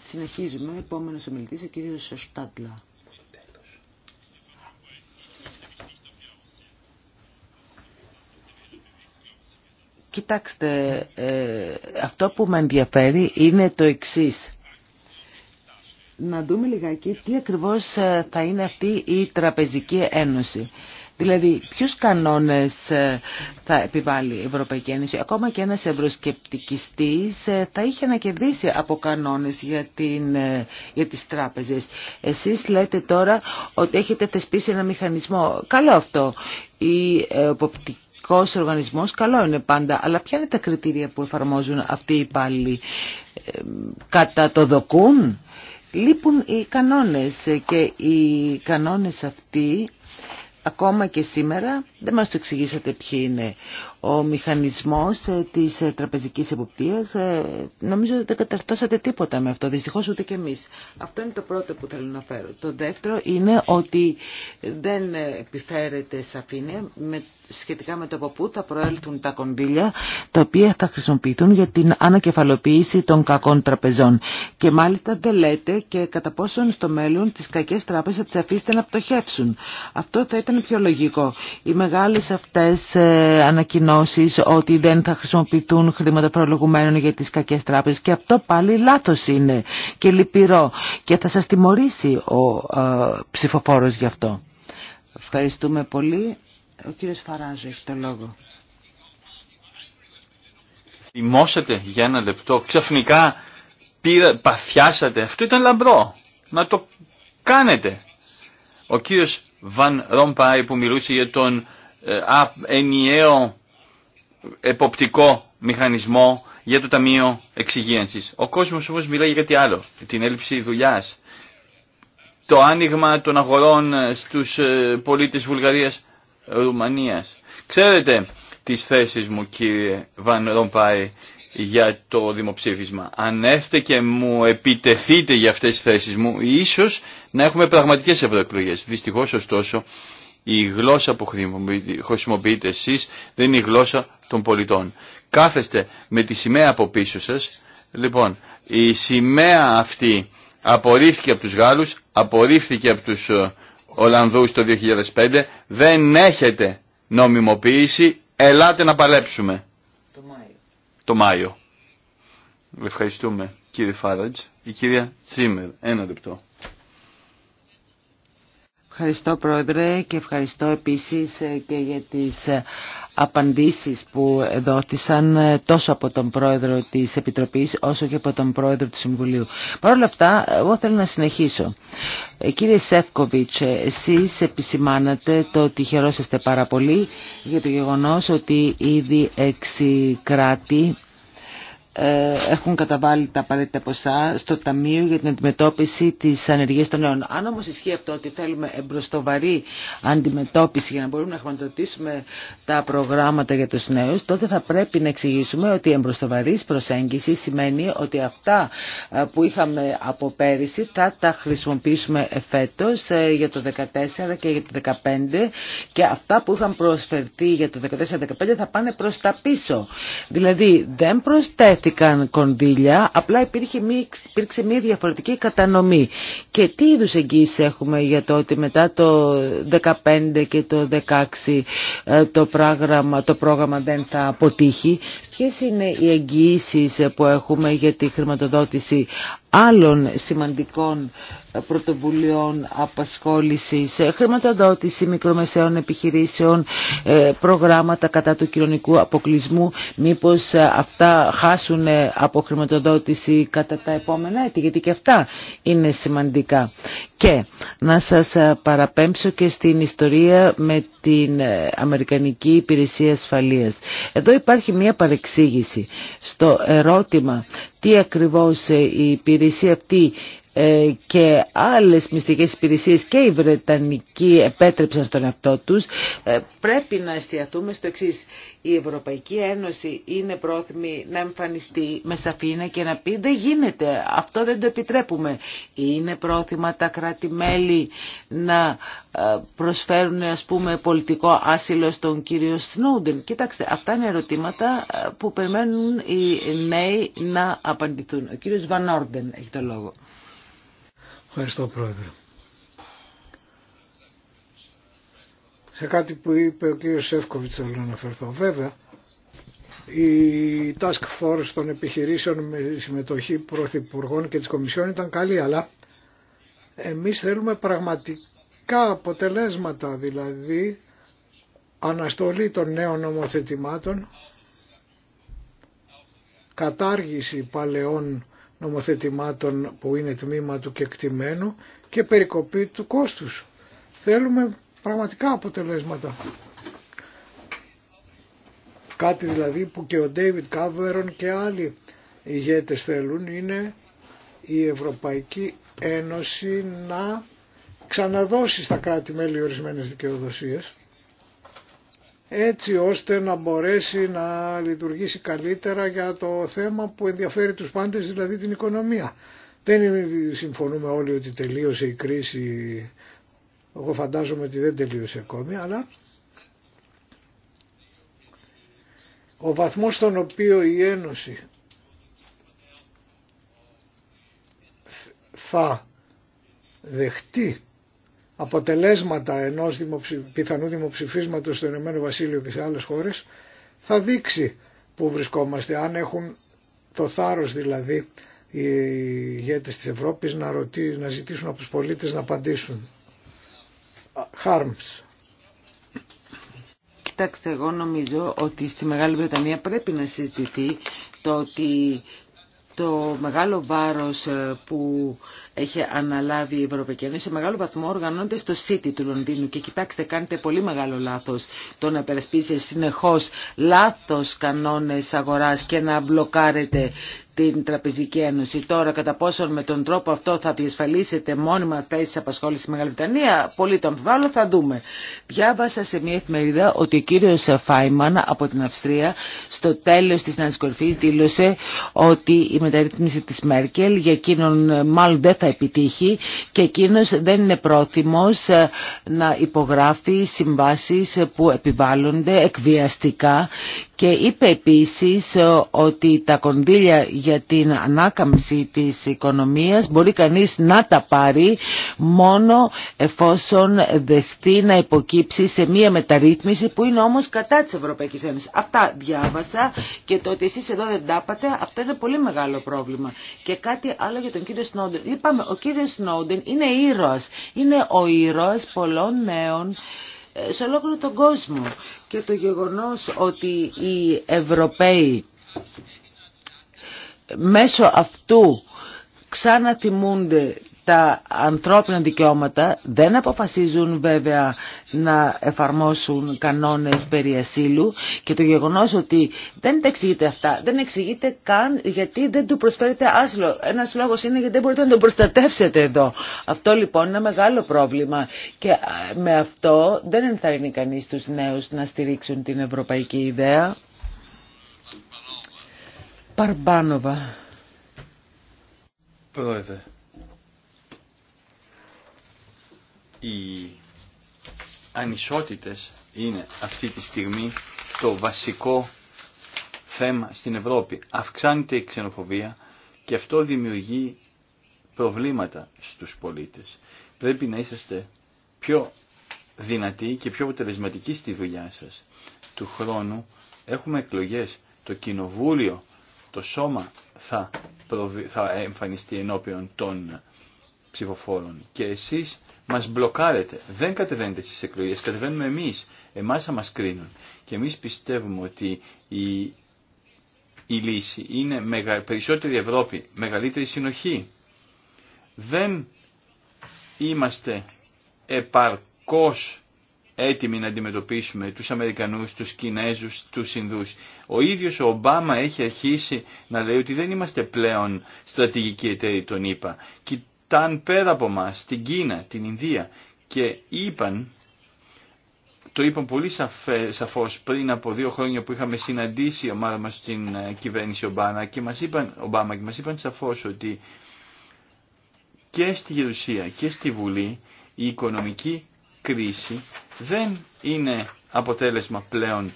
[SPEAKER 3] συνεχίζουμε. Επόμενος ομιλητής ο κύριος Στάντλα. Κοιτάξτε, ε, αυτό που με ενδιαφέρει είναι το εξής. Να δούμε λιγάκι τι ακριβώς ε, θα είναι αυτή η Τραπεζική Ένωση. Δηλαδή, ποιου κανόνες ε, θα επιβάλλει η Ευρωπαϊκή Ένωση. Ακόμα και ένας ευρωσκεπτικιστής ε, θα είχε να κερδίσει από κανόνες για, την, ε, για τις τράπεζες. Εσείς λέτε τώρα ότι έχετε θεσπίσει ένα μηχανισμό. Καλό αυτό. Ο εποπτική οργανισμό καλό είναι πάντα, αλλά ποια είναι τα κριτήρια που εφαρμόζουν αυτοί οι υπάλληλοι. κατά το δοκούν, λείπουν οι κανόνες και οι κανόνες αυτοί Ακόμα και σήμερα δεν μας το εξηγήσατε ποιοι είναι. Ο μηχανισμός ε, της ε, τραπεζικής εποπτείας ε, νομίζω ότι δεν καταρτώσατε τίποτα με αυτό, δυστυχώς ούτε και εμείς. Αυτό είναι το πρώτο που θέλω να φέρω. Το δεύτερο είναι ότι δεν επιφέρεται σαφήνεια με, σχετικά με το από πού θα προέλθουν τα κονδύλια τα οποία θα χρησιμοποιηθούν για την ανακεφαλοποίηση των κακών τραπεζών. Και μάλιστα δεν λέτε και κατά πόσον στο μέλλον τις κακές τράπεζες θα τις αφήσετε να πτωχεύσουν. Αυτό θα ήταν είναι πιο λογικό. Οι μεγάλες αυτές ε, ανακοινώσεις ότι δεν θα χρησιμοποιηθούν χρήματα προλογουμένων για τις κακές τράπεζες και αυτό πάλι λάθος είναι και λυπηρό και θα σας τιμωρήσει ο ε, ψηφοφόρος γι' αυτό. Ευχαριστούμε πολύ. Ο κύριος Φαράζο έχει το λόγο. Θυμώσατε
[SPEAKER 1] για ένα λεπτό, ξαφνικά πήρα, παθιάσατε, αυτό ήταν λαμπρό, να το κάνετε. Ο κύριος Βαν Ρομπάι που μιλούσε για τον ε, ενιαίο εποπτικό μηχανισμό για το Ταμείο Εξυγίανσης. Ο κόσμος όμως μιλάει για κάτι άλλο, την έλλειψη δουλειάς, το άνοιγμα των αγορών ε, στους ε, πολίτες Βουλγαρίας, Ρουμανίας. Ξέρετε τις θέσεις μου κύριε Βαν Ρομπάι για το δημοψήφισμα. Αν έρθετε και μου επιτεθείτε για αυτές τις θέσεις μου, ίσως να έχουμε πραγματικές ευρωεκλογέ. Δυστυχώς ωστόσο, η γλώσσα που χρησιμοποιείτε εσείς δεν είναι η γλώσσα των πολιτών. Κάθεστε με τη σημαία από πίσω σας. Λοιπόν, η σημαία αυτή απορρίφθηκε από τους Γάλλους, απορρίφθηκε από τους ε, Ολλανδούς το 2005. Δεν έχετε νομιμοποίηση, ελάτε να παλέψουμε το Μάιο. Ευχαριστούμε κύριε Φάρατζ. Η κυρία Τσίμερ, ένα λεπτό.
[SPEAKER 3] Ευχαριστώ Πρόεδρε και ευχαριστώ επίσης ε, και για τις ε, απαντήσεις που δόθησαν ε, τόσο από τον Πρόεδρο της Επιτροπής όσο και από τον Πρόεδρο του Συμβουλίου. Παρ' όλα αυτά, εγώ θέλω να συνεχίσω. Κύριε Σεύκοβιτς, εσείς επισημάνατε το ότι χαιρόσαστε πάρα πολύ για το γεγονός ότι ήδη έξι κράτη ε, έχουν καταβάλει τα απαραίτητα ποσά στο Ταμείο για την αντιμετώπιση της ανεργίας των νέων. Αν όμως ισχύει αυτό ότι θέλουμε εμπροστοβαρή αντιμετώπιση για να μπορούμε να χρηματοδοτήσουμε τα προγράμματα για τους νέους, τότε θα πρέπει να εξηγήσουμε ότι η προσέγγιση σημαίνει ότι αυτά ε, που είχαμε από πέρυσι θα τα χρησιμοποιήσουμε εφέτος ε, για το 2014 και για το 2015 και αυτά που είχαν προσφερθεί για το 2014-2015 θα πάνε προς τα πίσω. Δηλαδή δεν προσθέθηκε δόθηκαν κονδύλια, απλά υπήρχε μία, υπήρξε μια διαφορετική κατανομή. Και τι είδους εγγύηση έχουμε για το ότι μετά το 2015 και το 2016 ε, το πρόγραμμα, το πρόγραμμα δεν θα αποτύχει. Ποιες είναι οι εγγύησεις που έχουμε για τη χρηματοδότηση άλλων σημαντικών ε, πρωτοβουλειών απασχόλησης, ε, χρηματοδότηση μικρομεσαίων επιχειρήσεων, ε, προγράμματα κατά του κοινωνικού αποκλεισμού. Μήπως αυτά χάσουν από χρηματοδότηση κατά τα επόμενα έτη, γιατί και αυτά είναι σημαντικά. Και να σας παραπέμψω και στην ιστορία με την Αμερικανική Υπηρεσία Ασφαλείας. Εδώ υπάρχει μια παρεξήγηση στο ερώτημα τι ακριβώς ε, η υπηρεσία αυτή ε, και άλλες μυστικές υπηρεσίες και οι Βρετανικοί επέτρεψαν στον εαυτό τους ε, πρέπει να εστιατούμε στο εξή. η Ευρωπαϊκή Ένωση είναι πρόθυμη να εμφανιστεί με σαφήνα και να πει δεν γίνεται αυτό δεν το επιτρέπουμε είναι πρόθυμα τα κράτη-μέλη να ε, προσφέρουν ας πούμε πολιτικό άσυλο στον κύριο Σνούντεν κοιτάξτε αυτά είναι ερωτήματα που περιμένουν οι νέοι να απαντηθούν ο κύριος Βανόρντεν έχει το λόγο Ευχαριστώ Πρόεδρε.
[SPEAKER 2] Σε κάτι που είπε ο κύριος Σεύκοβιτς θέλω να αναφερθώ. Βέβαια, η task force των επιχειρήσεων με συμμετοχή πρωθυπουργών και της Κομισιόν ήταν καλή, αλλά εμείς θέλουμε πραγματικά αποτελέσματα, δηλαδή αναστολή των νέων νομοθετημάτων, κατάργηση παλαιών νομοθετημάτων που είναι τμήμα του κεκτημένου και περικοπή του κόστους. Θέλουμε πραγματικά αποτελέσματα. Κάτι δηλαδή που και ο David Κάβερον και άλλοι ηγέτες θέλουν είναι η Ευρωπαϊκή Ένωση να ξαναδώσει στα κράτη-μέλη ορισμένες δικαιοδοσίες έτσι ώστε να μπορέσει να λειτουργήσει καλύτερα για το θέμα που ενδιαφέρει τους πάντες, δηλαδή την οικονομία. Δεν συμφωνούμε όλοι ότι τελείωσε η κρίση, εγώ φαντάζομαι ότι δεν τελείωσε ακόμη, αλλά ο βαθμός στον οποίο η Ένωση θα δεχτεί αποτελέσματα ενός πιθανού δημοψηφίσματος στο Ηνωμένο Βασίλειο και σε άλλες χώρες θα δείξει που βρισκόμαστε, αν έχουν το θάρρος δηλαδή οι ηγέτες της Ευρώπης να, ρωτή, να ζητήσουν από τους πολίτες να απαντήσουν. Χάρμς.
[SPEAKER 3] Κοιτάξτε, εγώ νομίζω ότι στη Μεγάλη Βρετανία πρέπει να συζητηθεί το ότι το μεγάλο βάρος ε, που έχει αναλάβει η Ευρωπαϊκή Ένωση σε μεγάλο βαθμό οργανώνεται στο City του Λονδίνου και κοιτάξτε κάνετε πολύ μεγάλο λάθος το να περασπίσετε συνεχώς λάθος κανόνες αγοράς και να μπλοκάρετε την Τραπεζική Ένωση. Τώρα, κατά πόσον με τον τρόπο αυτό θα διασφαλίσετε μόνιμα θέσει απασχόληση στη Μεγάλη Βρετανία, πολύ το αμφιβάλλω, θα δούμε. Διάβασα σε μια εφημερίδα ότι ο κύριο Φάιμαν από την Αυστρία στο τέλο τη συνάντηση δήλωσε ότι η μεταρρύθμιση τη Μέρκελ για εκείνον μάλλον δεν θα επιτύχει και εκείνος δεν είναι πρόθυμος ε, να υπογράφει συμβάσεις που επιβάλλονται εκβιαστικά και είπε επίσης ε, ότι τα κονδύλια για την ανάκαμψη της οικονομίας μπορεί κανείς να τα πάρει μόνο εφόσον δεχτεί να υποκύψει σε μία μεταρρύθμιση που είναι όμως κατά της Ευρωπαϊκής Ένωσης. Αυτά διάβασα και το ότι εσείς εδώ δεν τα αυτό είναι πολύ μεγάλο πρόβλημα. Και κάτι άλλο για τον κύριο Σνόντεν. Είπαμε, ο κύριος Σνόντεν είναι ήρωας. Είναι ο ήρωας πολλών νέων σε ολόκληρο τον κόσμο. Και το γεγονός ότι οι Ευρωπαίοι μέσω αυτού ξαναθυμούνται τα ανθρώπινα δικαιώματα δεν αποφασίζουν βέβαια να εφαρμόσουν κανόνες περί ασύλου και το γεγονός ότι δεν τα εξηγείται αυτά, δεν εξηγείται καν γιατί δεν του προσφέρετε άσυλο. Ένας λόγος είναι γιατί δεν μπορείτε να τον προστατεύσετε εδώ. Αυτό λοιπόν είναι ένα μεγάλο πρόβλημα και με αυτό δεν ενθαρρύνει κανείς τους νέους να στηρίξουν την ευρωπαϊκή ιδέα. Παρμπάνοβα.
[SPEAKER 1] Πρόεδρε. οι ανισότητες είναι αυτή τη στιγμή το βασικό θέμα στην Ευρώπη. Αυξάνεται η ξενοφοβία και αυτό δημιουργεί προβλήματα στους πολίτες. Πρέπει να είσαστε πιο δυνατοί και πιο αποτελεσματικοί στη δουλειά σας. Του χρόνου έχουμε εκλογές. Το κοινοβούλιο, το σώμα θα, θα εμφανιστεί ενώπιον των ψηφοφόρων. Και εσείς μας μπλοκάρετε. Δεν κατεβαίνετε στις εκλογές, κατεβαίνουμε εμείς. Εμάς θα μας κρίνουν. Και εμείς πιστεύουμε ότι η, η λύση είναι μεγα, περισσότερη Ευρώπη, μεγαλύτερη συνοχή. Δεν είμαστε επαρκώς έτοιμοι να αντιμετωπίσουμε τους Αμερικανούς, τους Κινέζους, τους Ινδούς. Ο ίδιος ο Ομπάμα έχει αρχίσει να λέει ότι δεν είμαστε πλέον στρατηγική εταίροι των ΗΠΑ ταν πέρα από μας, την Κίνα, την Ινδία και είπαν, το είπαν πολύ σαφέ, σαφώς πριν από δύο χρόνια που είχαμε συναντήσει η ομάδα μας στην ε, κυβέρνηση Ομπάμα και μας είπαν, Ομπάμα, και μας είπαν σαφώς ότι και στη Γερουσία και στη Βουλή η οικονομική κρίση δεν είναι αποτέλεσμα πλέον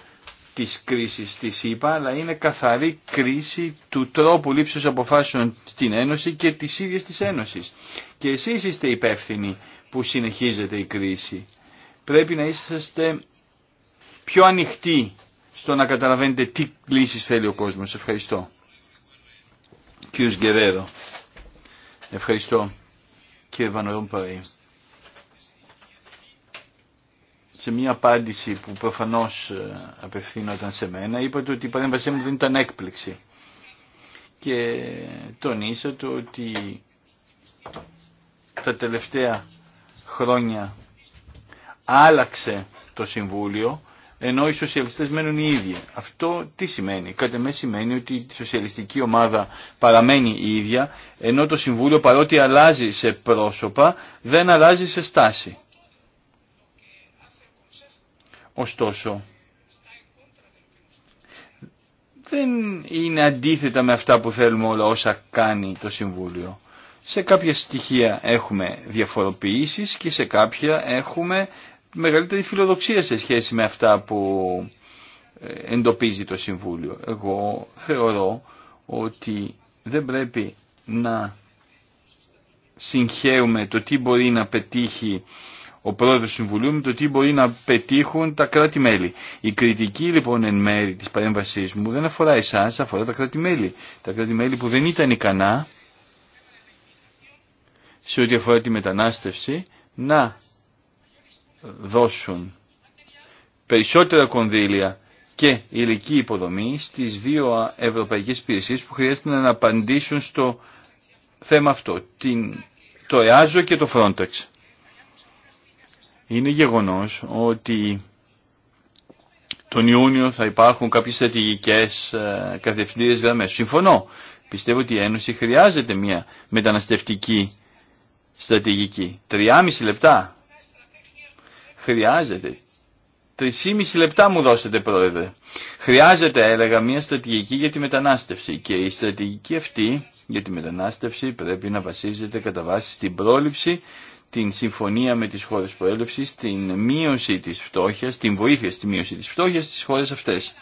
[SPEAKER 1] της κρίσης της ΕΠΑ, αλλά είναι καθαρή κρίση του τρόπου λήψης αποφάσεων στην Ένωση και της ίδιας της Ένωσης. Και εσείς είστε υπεύθυνοι που συνεχίζεται η κρίση. Πρέπει να είσαστε πιο ανοιχτοί στο να καταλαβαίνετε τι λύσεις θέλει ο κόσμος. Ευχαριστώ. Κύριος Γκερέρο. Ευχαριστώ. Κύριε Βανορόμπαρη σε μια απάντηση που προφανώς ε, απευθύνονταν σε μένα, είπατε ότι η παρέμβασή μου δεν ήταν έκπληξη. Και τονίσατε ότι τα τελευταία χρόνια άλλαξε το Συμβούλιο, ενώ οι σοσιαλιστές μένουν οι ίδιοι. Αυτό τι σημαίνει. Κατά με σημαίνει ότι η σοσιαλιστική ομάδα παραμένει η ίδια, ενώ το Συμβούλιο παρότι αλλάζει σε πρόσωπα, δεν αλλάζει σε στάση. Ωστόσο, δεν είναι αντίθετα με αυτά που θέλουμε όλα όσα κάνει το Συμβούλιο. Σε κάποια στοιχεία έχουμε διαφοροποιήσεις και σε κάποια έχουμε μεγαλύτερη φιλοδοξία σε σχέση με αυτά που ε, εντοπίζει το Συμβούλιο. Εγώ θεωρώ ότι δεν πρέπει να συγχαίουμε το τι μπορεί να πετύχει ο πρόεδρος του Συμβουλίου με το τι μπορεί να πετύχουν τα κράτη-μέλη. Η κριτική λοιπόν εν μέρη της παρέμβασής μου δεν αφορά εσάς, αφορά τα κράτη-μέλη. Τα κράτη-μέλη που δεν ήταν ικανά σε ό,τι αφορά τη μετανάστευση να δώσουν περισσότερα κονδύλια και ηλική υποδομή στις δύο ευρωπαϊκές υπηρεσίε που χρειάζεται να απαντήσουν στο θέμα αυτό, την, το ΕΑΖΟ και το Frontex. Είναι γεγονός ότι τον Ιούνιο θα υπάρχουν κάποιες στρατηγικές ε, καθευθυντήριες γραμμές. Συμφωνώ. Πιστεύω ότι η Ένωση χρειάζεται μια μεταναστευτική στρατηγική. Τριάμιση λεπτά. Χρειάζεται. Τρισήμιση λεπτά μου δώσετε πρόεδρε. Χρειάζεται έλεγα μια στρατηγική για τη μετανάστευση και η στρατηγική αυτή για τη μετανάστευση πρέπει να βασίζεται κατά βάση στην πρόληψη την συμφωνία με τις χώρες προέλευσης, την μείωση της φτώχειας, την βοήθεια στη μείωση της φτώχειας στις χώρες αυτές.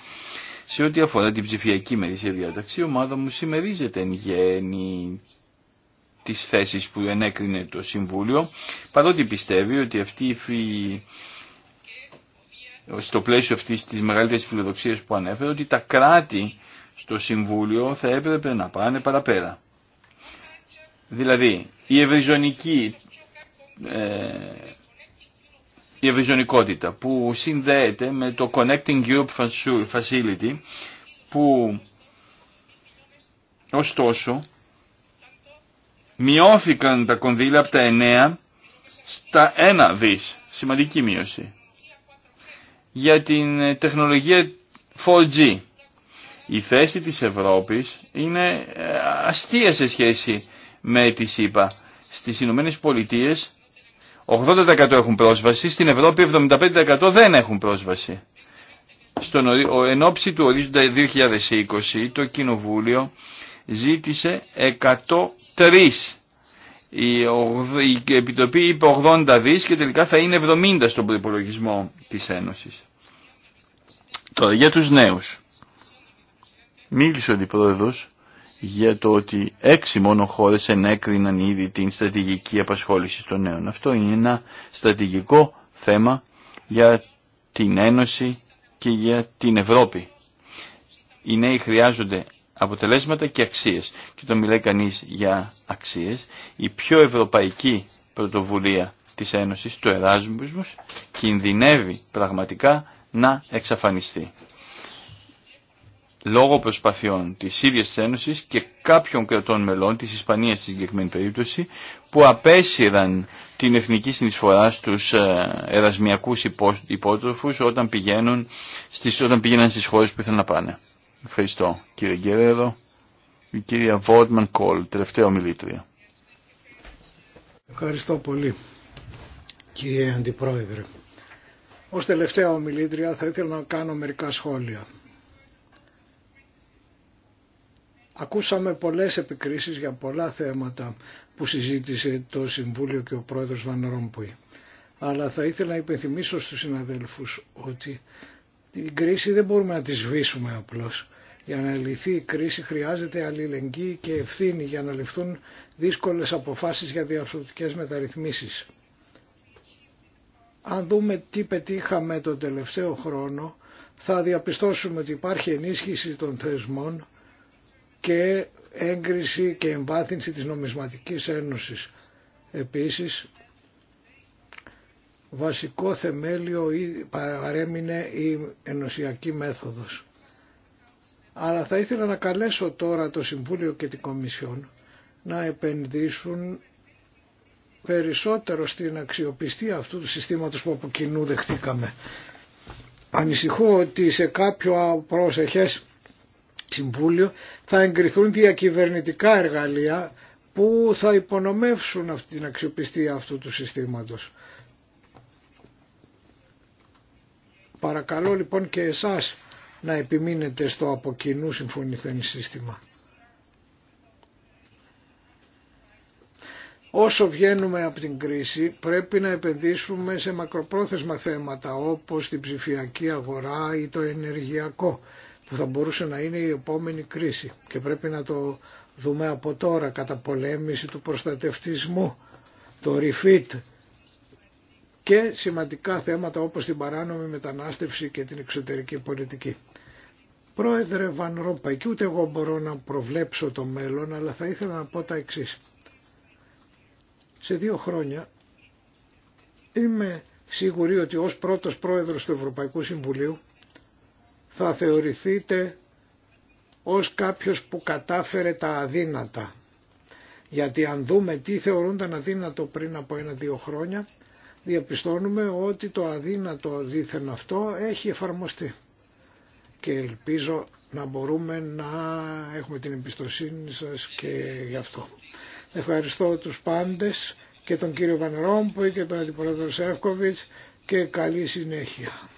[SPEAKER 1] Σε ό,τι αφορά την ψηφιακή μερίσια διάταξη, η ομάδα μου συμμερίζεται εν γέννη τις θέσεις που ενέκρινε το Συμβούλιο, παρότι πιστεύει ότι αυτή η στο πλαίσιο αυτής της μεγαλύτερης φιλοδοξίας που ανέφερε, ότι τα κράτη στο Συμβούλιο θα έπρεπε να πάνε παραπέρα. Δηλαδή, η ευρυζωνική ε, η ευρυζωνικότητα που συνδέεται με το Connecting Europe Facility που ωστόσο μειώθηκαν τα κονδύλια από τα 9 στα 1 δις. Σημαντική μείωση. Για την ε, τεχνολογία 4G. Η θέση της Ευρώπης είναι ε, αστεία σε σχέση με τη ΣΥΠΑ. Στις Ηνωμένες Πολιτείες 80% έχουν πρόσβαση, στην Ευρώπη 75% δεν έχουν πρόσβαση. Στον, εν ώψη του ορίζοντα 2020 το Κοινοβούλιο ζήτησε 103. Η, η Επιτροπή είπε 80 δις και τελικά θα είναι 70 στον προπολογισμό της Ένωσης. Τώρα για τους νέους. Μίλησε ο Αντιπρόεδρος για το ότι έξι μόνο χώρες ενέκριναν ήδη την στρατηγική απασχόληση των νέων. Αυτό είναι ένα στρατηγικό θέμα για την Ένωση και για την Ευρώπη. Οι νέοι χρειάζονται αποτελέσματα και αξίες. Και το μιλάει κανείς για αξίες, η πιο ευρωπαϊκή πρωτοβουλία της Ένωσης, το Εράσμους, κινδυνεύει πραγματικά να εξαφανιστεί λόγω προσπαθειών της ίδιας της Ένωσης και κάποιων κρατών μελών της Ισπανίας στη συγκεκριμένη περίπτωση που απέσυραν την εθνική συνεισφορά στους ε, ερασμιακούς υπότροφους όταν, πηγαίνουν στις, όταν πήγαιναν στις χώρες που ήθελαν να πάνε. Ευχαριστώ κύριε Γκερέρο. Η κυρία Βόρτμαν Κόλ, τελευταία ομιλήτρια.
[SPEAKER 2] Ευχαριστώ πολύ κύριε Αντιπρόεδρε. Ως τελευταία ομιλήτρια θα ήθελα να κάνω μερικά σχόλια. Ακούσαμε πολλές επικρίσεις για πολλά θέματα που συζήτησε το Συμβούλιο και ο Πρόεδρος Βαν Ρομπουή. Αλλά θα ήθελα να υπενθυμίσω στους συναδέλφους ότι την κρίση δεν μπορούμε να τη σβήσουμε απλώς. Για να λυθεί η κρίση χρειάζεται αλληλεγγύη και ευθύνη για να ληφθούν δύσκολες αποφάσεις για διαρθρωτικές μεταρρυθμίσεις. Αν δούμε τι πετύχαμε τον τελευταίο χρόνο, θα διαπιστώσουμε ότι υπάρχει ενίσχυση των θεσμών και έγκριση και εμβάθυνση της νομισματικής ένωσης. Επίσης, βασικό θεμέλιο παρέμεινε η ενωσιακή μέθοδος. Αλλά θα ήθελα να καλέσω τώρα το Συμβούλιο και την Κομισιόν να επενδύσουν περισσότερο στην αξιοπιστία αυτού του συστήματος που από κοινού δεχτήκαμε. Ανησυχώ ότι σε κάποιο πρόσεχες Συμβούλιο θα εγκριθούν διακυβερνητικά εργαλεία που θα υπονομεύσουν αυτή την αξιοπιστία αυτού του συστήματος. Παρακαλώ λοιπόν και εσάς να επιμείνετε στο από κοινού συμφωνηθέν σύστημα. Όσο βγαίνουμε από την κρίση πρέπει να επενδύσουμε σε μακροπρόθεσμα θέματα όπως την ψηφιακή αγορά ή το ενεργειακό που θα μπορούσε να είναι η επόμενη κρίση και πρέπει να το δούμε από τώρα κατά πολέμηση του προστατευτισμού, το refit και σημαντικά θέματα όπως την παράνομη μετανάστευση και την εξωτερική πολιτική. Πρόεδρε Βαν Ρόμπα, ούτε εγώ μπορώ να προβλέψω το μέλλον, αλλά θα ήθελα να πω τα εξή. Σε δύο χρόνια είμαι σίγουροι ότι ως πρώτος πρόεδρος του Ευρωπαϊκού Συμβουλίου θα θεωρηθείτε ως κάποιος που κατάφερε τα αδύνατα. Γιατί αν δούμε τι θεωρούνταν αδύνατο πριν από ένα-δύο χρόνια, διαπιστώνουμε ότι το αδύνατο δίθεν αυτό έχει εφαρμοστεί. Και ελπίζω να μπορούμε να έχουμε την εμπιστοσύνη σας και γι' αυτό. Ευχαριστώ τους πάντες και τον κύριο Βανερόμπου και τον αντιπρόεδρο Σεύκοβιτς και καλή συνέχεια.